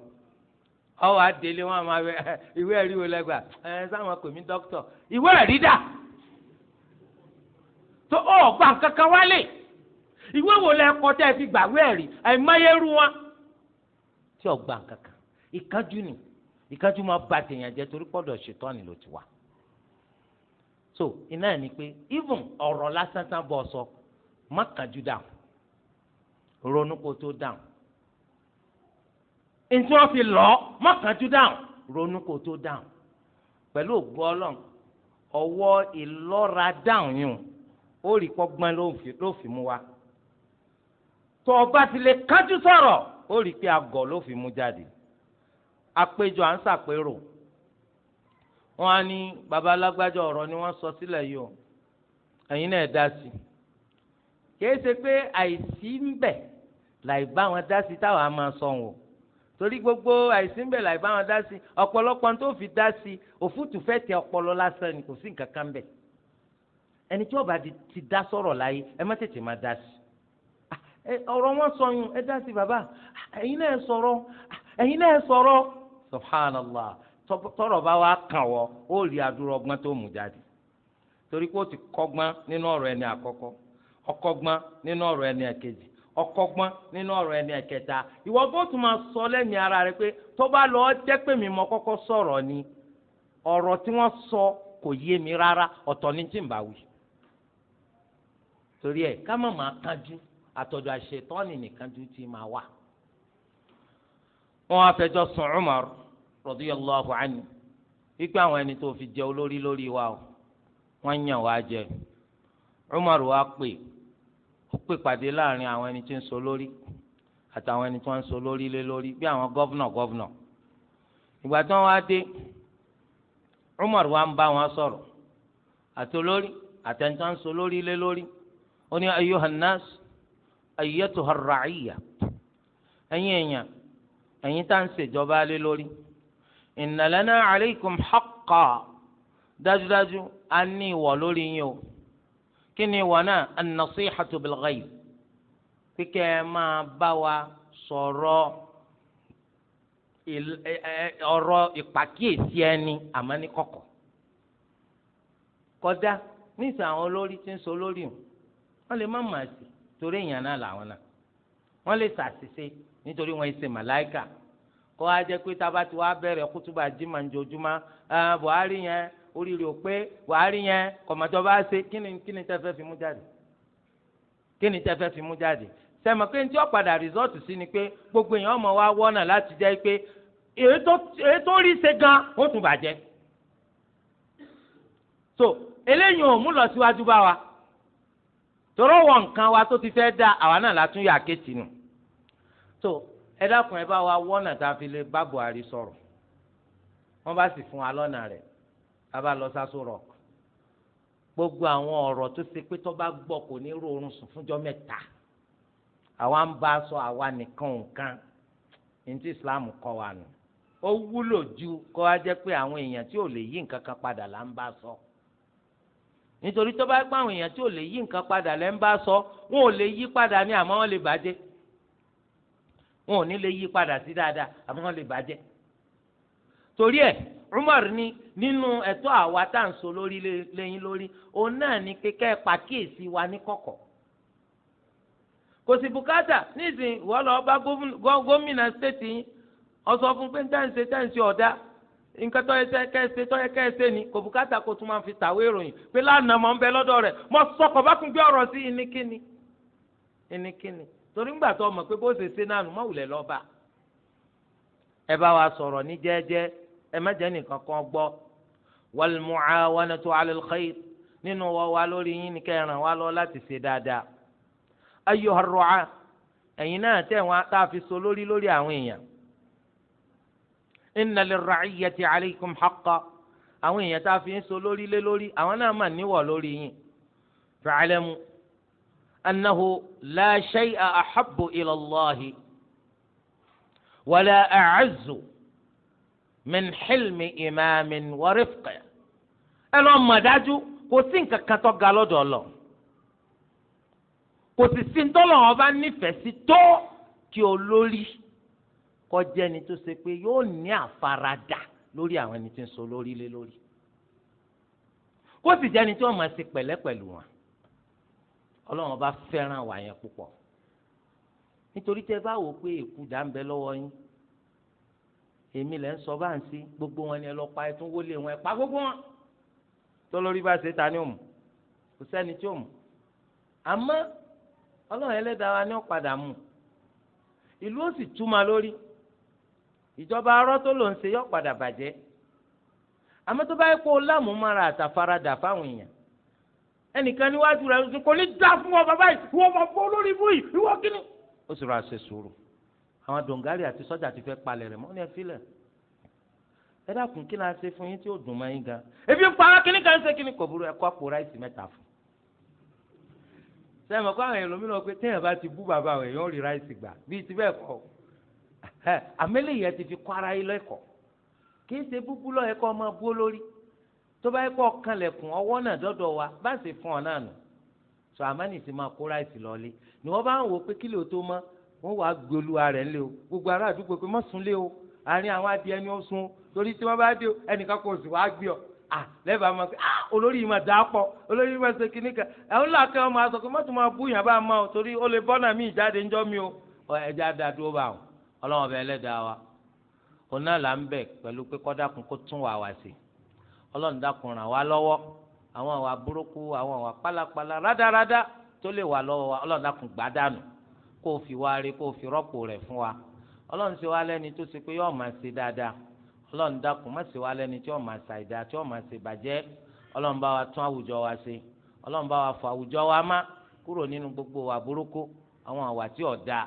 ọwọ́ àdélé wọn máa wẹ ìwé ẹ̀rí wo lẹ́gbà ẹ̀ sáwọn pè mí dókítọ̀ ìwé ẹ̀rí dà tó ọ̀ gbà kankan wálé ìwé wo lẹ́kọ̀ọ́ tẹ́ fi gbàwé ẹ̀rí àìmáyérú wọn tí ọ̀ gbà kankan ìkájú ni ìkájú máa ba tèèyàn jẹ torí pọ́dọ̀ ṣètọ́ni ló ti wà so iná ẹ̀ ni pé even ọ̀rọ̀ lásán tán bọ̀ sọ má kánjú dáhùn ronú kó tó dáhùn ntí wọ́n fi lọ mọ́kànjú dáhùn ronú kó tó dáhùn pẹ̀lú ògbó ọlọ́run ọwọ́ ìlọ́ra dáhùn yìí ó rí pọ́gbọ́n ló fi mú wa tó o bá ti lè kájú sọ̀rọ̀ ó rí pé agọ̀ ló fi mú jáde àpéjọ à ń ṣàpérò wọn á ní babalágbájọ ọ̀rọ̀ ni wọ́n sọ sílẹ̀ yìí o ẹ̀yin náà dá sí i kìí ṣe pé àìsí ń bẹ láì bá wọn dá sí táwọn á máa sọ wọn o torí gbogbo àìsí ń bẹ̀ láì bá wọn dá sí ọ̀pọ̀lọpọ̀ tó fi dá sí òfútù fẹ́ tẹ ọpọlọ lásán ni kò sí nǹkan kan bẹ̀ ẹni tí ọba ti dá sọ̀rọ̀ láyé ẹ má tètè má dá sí ah, ọ̀rọ̀ wọn sọyún ẹ dá sí bàbá ah, ẹ̀yin náà sọ̀rọ̀ ah, ẹ̀yin náà sọ̀rọ̀ subhanallah tọ́rọ̀ bá wa kàn wọ́ ó rí adúrò ọgbọ́n tó mú jáde torí pé ó ti kọ́gbọ́n nínú ọ̀rọ̀ ẹni àkọ́kọ́ ọkọ́gbọ́n nínú ọ̀rọ̀ ẹni ẹ̀kejì ọkọgbọ́n nínú ọ̀rọ̀ ẹni ẹ̀kẹta ìwọ bó tún máa sọ lẹ́mìí ara rẹ pé tó bá lọ jẹ́ pé mi mọ kọ́kọ́ sọ̀rọ̀ ni ọ̀rọ̀ tí wọ́n sọ kò yé mi rárá ọ̀tọ̀ ni tí ń bá wí. torí ẹ ká má máa kánjú àtọ̀dọ̀ àṣetọ́ni nìkanjú tí máa wà. wọ́n á fẹjọ́ sùn Umar radiyallahu anhu wípé àwọn ẹni tó fi jẹ olórí lórí wa o wọ́n yàn wá jẹ Umar wa pè é ó pè pàdé láàrin àwọn ẹni tí ń so lórí àtàwọn ẹni tí wọ́n ń so lórí lé lórí bí àwọn gọ́vnà gọ́vnà ìgbà tí wọ́n wá dé Umar wa ń bá wọn sọ̀rọ̀ àti olórí àtẹni tí wọ́n ń so lórí lé lórí ó ní ayyuhannas ayyatuha ar-ra'iyya ẹ̀yin èèyàn tá à ń ṣèjọba lé lórí inna lana haqqa dájúdájú a ní ìwọ̀ lórí yín o kí ni ìwọ náà an-nasihatu bil-ghayb kíkẹ́ máa bá wa sọ̀rọ̀ ọ̀rọ̀ ìpàkíyèsí ẹni àmọ́ ní kọ̀kọ̀ kọjá níìsín àwọn olórí tí ń sọ olórí o wọ́n lè má màá sí torí èèyàn náà làwọn náà wọ́n lè ṣàṣìṣe nítorí wọ́n ṣe màláìkà kọ́ ajẹ́ pé tábà tí bẹ̀rẹ̀ kútùbà jimá njojúmá Buhari yẹn oríire ò pé buhari yẹn kọ̀mọ̀tọ́ bá ṣe kíni kíni tẹ́ fẹ́ fi mú jáde kíni tẹ́ fẹ́ fi mú jáde sẹ́mi pé ní tí ọ̀padà rìsọ́ọ̀tù sí ni pé gbogbo èèyàn ọmọ wa wọ́nà láti jẹ́ pé èyí tó rí ṣe gan ó tún bàjẹ́ so eléyìí ò mú lọ síwájú bá wa tọrọ wọ nǹkan wa tó ti fẹ́ da àwa náà látún yà kéètì nù tó ẹ dákun ẹ bá wa wọ́nà tá a fi lè bá Buhari sọ̀rọ̀ wọ́n bá sì fún wa lọ́nà rẹ̀ abá lọ sásù rock gbogbo àwọn ọ̀rọ̀ tó ṣe pé tó bá gbọ́ kò ní rọrùn sùn fúnjọ́ mẹ́ta àwa ń bá sọ àwa nìkan nǹkan ní ti Islam kọ́ wa nù ó wúlò ju kó wá jẹ́ pé àwọn èèyàn tí ò lè yí nǹkan kan padà là ń bá sọ nítorí tó bá àwọn èèyàn tí ò lè yí nǹkan padà lẹ́ ń bá sọ wọn ò lè yí padà ní àmọ́ wọn lè bàjẹ́ wọn ò ní lè yí padà sí dáadáa àmọ́ wọn lè bàjẹ́ torí ẹ̀ Umar ni nínú eto àwa tá à ń lori lórí lẹ́yìn lórí òun náà ní pé pàkíyèsí wa ní kọ̀kọ̀ kò sì bùkátà nísìnyí wọ́n lọ bá gómìnà stéètì yín ọsọ fún pé dáǹsẹ̀ dáǹsẹ̀ ọ̀dà nǹkan tó yẹ kẹ́ ẹ tó yẹ kẹ́ ẹ fi tàwé ìròyìn pé mọ̀ ń bẹ lọ́dọ̀ rẹ̀ mọ sọkọ̀ bá tún gbé ọ̀rọ̀ sí inikini torí mọ̀ pé bó ṣe náà nù lọ́ba ẹ bá wa ẹ má jẹ́ nìkan kan gbọ́ wal mu'awanatu 'ala al-khayr nínú wa wa lórí yín ni kẹràn wa lọ láti ṣe dáadáa ayyuha ar-ru'at ẹ̀yin náà tẹ̀ wọn tá a fi so lórí lórí àwọn èèyàn inna lir-ra'iyyati 'alaykum haqqan àwọn èèyàn tá a fi so lórí lé lórí àwọn náà mà níwọ̀ lórí yín fa'lamu annahu la shay'a ahabbu ila Allahi wa la a'azzu min hilmi imaamin wa rifqi ẹ lọ mọ̀ dájú kò sí nǹkan kan tó ga lọ́dọ̀ lọ kò sì sí ntọ́lọ̀ wọn bá nífẹ̀ẹ́ sí tó kí olórí kọjá ẹni tó ṣe pé yóò ní àfaradà lórí àwọn ẹni tí ń sọ lórí lé lórí kó sì jẹ́ni tí wọ́n máa ṣe pẹ̀lẹ́ pẹ̀lú wọn ọlọ́run bá fẹ́ràn wà púpọ̀ nítorí tẹ́ bá wò pé èkú dà lọ́wọ́ yín èmi lẹ́ ń sọ bá ń sí gbogbo wọn ni ẹ lọ pa ẹ tún wọlé wọn ẹ pa gbogbo wọn tọ́lórí bá ṣe ta ni òmù kò sẹ́ni tí òmù àmọ́ ọlọ́run ẹlẹ́dàá wa ni ó padà mú ìlú ó sì túmọ̀ lórí ìjọba arọ́ tó lò ń ṣe yọ padà bàjẹ́ àmọ́ tó bá yẹ kó lámùmára àtàfaradà fáwọn èèyàn ẹnìkan níwájú rẹ̀ kò ní dá fún ọ bàbá yìí ìwọ bàbá olórí ibú yìí ìwọ kíni ó sì rà ṣe sùúrù àwọn dòǹgárì àti sọ́jà ti fẹ́ palẹ̀ rẹ̀ mọ́ ní ẹ̀fílẹ̀ ẹ dákun kí la ṣe fún yín tí ó dùn mọ́ yín gan ebi ń para kíní kan ṣe kíní kò burú ẹ kó àpò ráìsì mẹ́ta fún sẹ́mi kó àwọn èèyàn lọ pé téèyàn bá ti bú bàbá rẹ̀ yóò rí ráìsì gbà bíi ti bẹ́ẹ̀ kọ́ àmẹ́lẹ̀ yẹn ti fi kọ́ ara yín lẹ́kọ̀ọ́ kì í ṣe búbú lọ́ọ́ ẹ̀kọ́ ọmọ bú olórí tó bá yẹ kó kanlẹ̀kùn ọwọ́ náà dọ́dọ̀ wa bá ṣe fún ọ náà nù sọ àmánìsí máa kó ráìsì lọ́ọ́lé ni wọ́n bá ń wò pé kílò tó mọ́ wọ́n wàá gbé olúwa rẹ̀ o gbogbo ara àdúgbò pé mọ́ sùn o àárín àwọn adìẹ ni ó sun o torí tí wọ́n bá dé o ẹnìkan kò sì wàá gbé ọ ah, olórí yìí dà á olórí yìí ṣe kíní kan ọmọ àṣọ kò má máa bú yàn bá o torí lè bọ́nà mí ìjáde ńjọ́ mi o ẹja da dúró bá wọn ọlọ́wọ́n ẹlẹ́dàá wa òun náà là ń pẹ̀lú pé kọ́dákun kó tún wà wá sí ràn wá lọ́wọ́ kó o fi wá rí kó o fi rọ́pò rẹ̀ fún wa ọlọ́run ṣe wá lẹ́ni tó ṣe pé yóò máa ṣe dáadáa ọlọ́run dákun má ṣe wá lẹ́ni tí yóò máa ṣàìdá tí yóò máa ṣe bàjẹ́ ọlọ́run bá wa tún àwùjọ wa ṣe ọlọ́run bá wa fọ àwùjọ wa má kúrò nínú gbogbo wa burúkú àwọn àwà tí ò dáa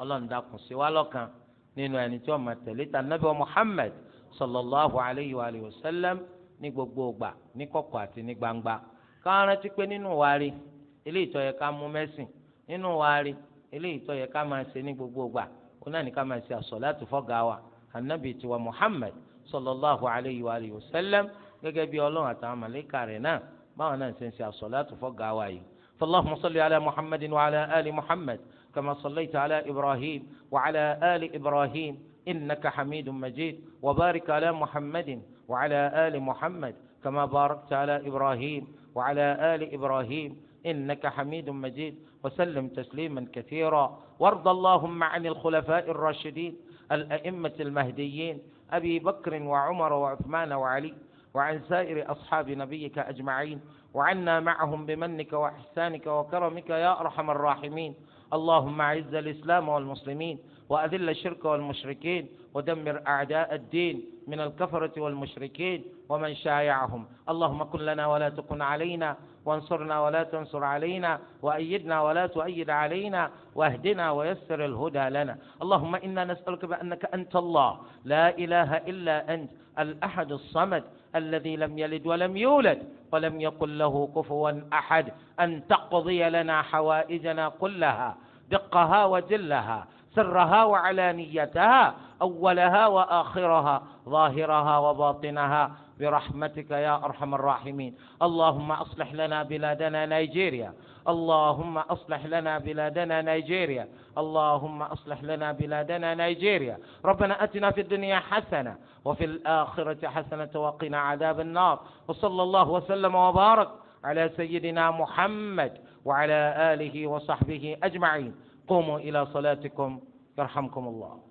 ọlọ́run dákun ṣe wá lọ́kan nínú ẹni tí yóò máa tẹ̀lé ta nabi Muhammad sallallahu alayhi wa sallam ní gbogbo ìgbà ní kọ̀kọ̀ àti ní gbangba ká rántí pé nínú wa rí eléyìí tó yẹ ká mú mẹ́sìn nínú wa rí eléyìí tó yẹ ká máa ṣe ní gbogbo ìgbà ó náà ní ká máa ṣe àsọ̀láàtì fọ́gà wa anabi tiwa muhammed sallallahu alayhi wa alihi wa sallam gẹ́gẹ́ bí ọlọ́run àtàwọn màlẹ́kà rẹ̀ náà báwọn náà ṣe ń ṣe àsọ̀láàtì fọ́gà wa yìí. فاللهم صل على محمد وعلى آل محمد كما صليت على إبراهيم وعلى آل إبراهيم إنك حميد مجيد وبارك على محمد وعلى آل محمد كما باركت على إبراهيم وعلى آل إبراهيم إنك حميد مجيد وسلم تسليما كثيرا وارض اللهم عن الخلفاء الراشدين الأئمة المهديين أبي بكر وعمر وعثمان وعلي وعن سائر أصحاب نبيك أجمعين وعنا معهم بمنك وإحسانك وكرمك يا أرحم الراحمين اللهم أعز الإسلام والمسلمين وأذل الشرك والمشركين ودمر أعداء الدين من الكفرة والمشركين ومن شايعهم اللهم كن لنا ولا تكن علينا وانصرنا ولا تنصر علينا وأيدنا ولا تؤيد علينا واهدنا ويسر الهدى لنا اللهم إنا نسألك بأنك أنت الله لا إله إلا أنت الأحد الصمد الذي لم يلد ولم يولد ولم يقل له كفوا أحد أن تقضي لنا حوائجنا كلها دقها وجلها سرها وعلانيتها أولها وآخرها ظاهرها وباطنها برحمتك يا أرحم الراحمين اللهم أصلح لنا بلادنا نيجيريا اللهم أصلح لنا بلادنا نيجيريا اللهم أصلح لنا بلادنا نيجيريا ربنا أتنا في الدنيا حسنة وفي الآخرة حسنة وقنا عذاب النار وصلى الله وسلم وبارك على سيدنا محمد وعلى آله وصحبه أجمعين قوموا إلى صلاتكم يرحمكم الله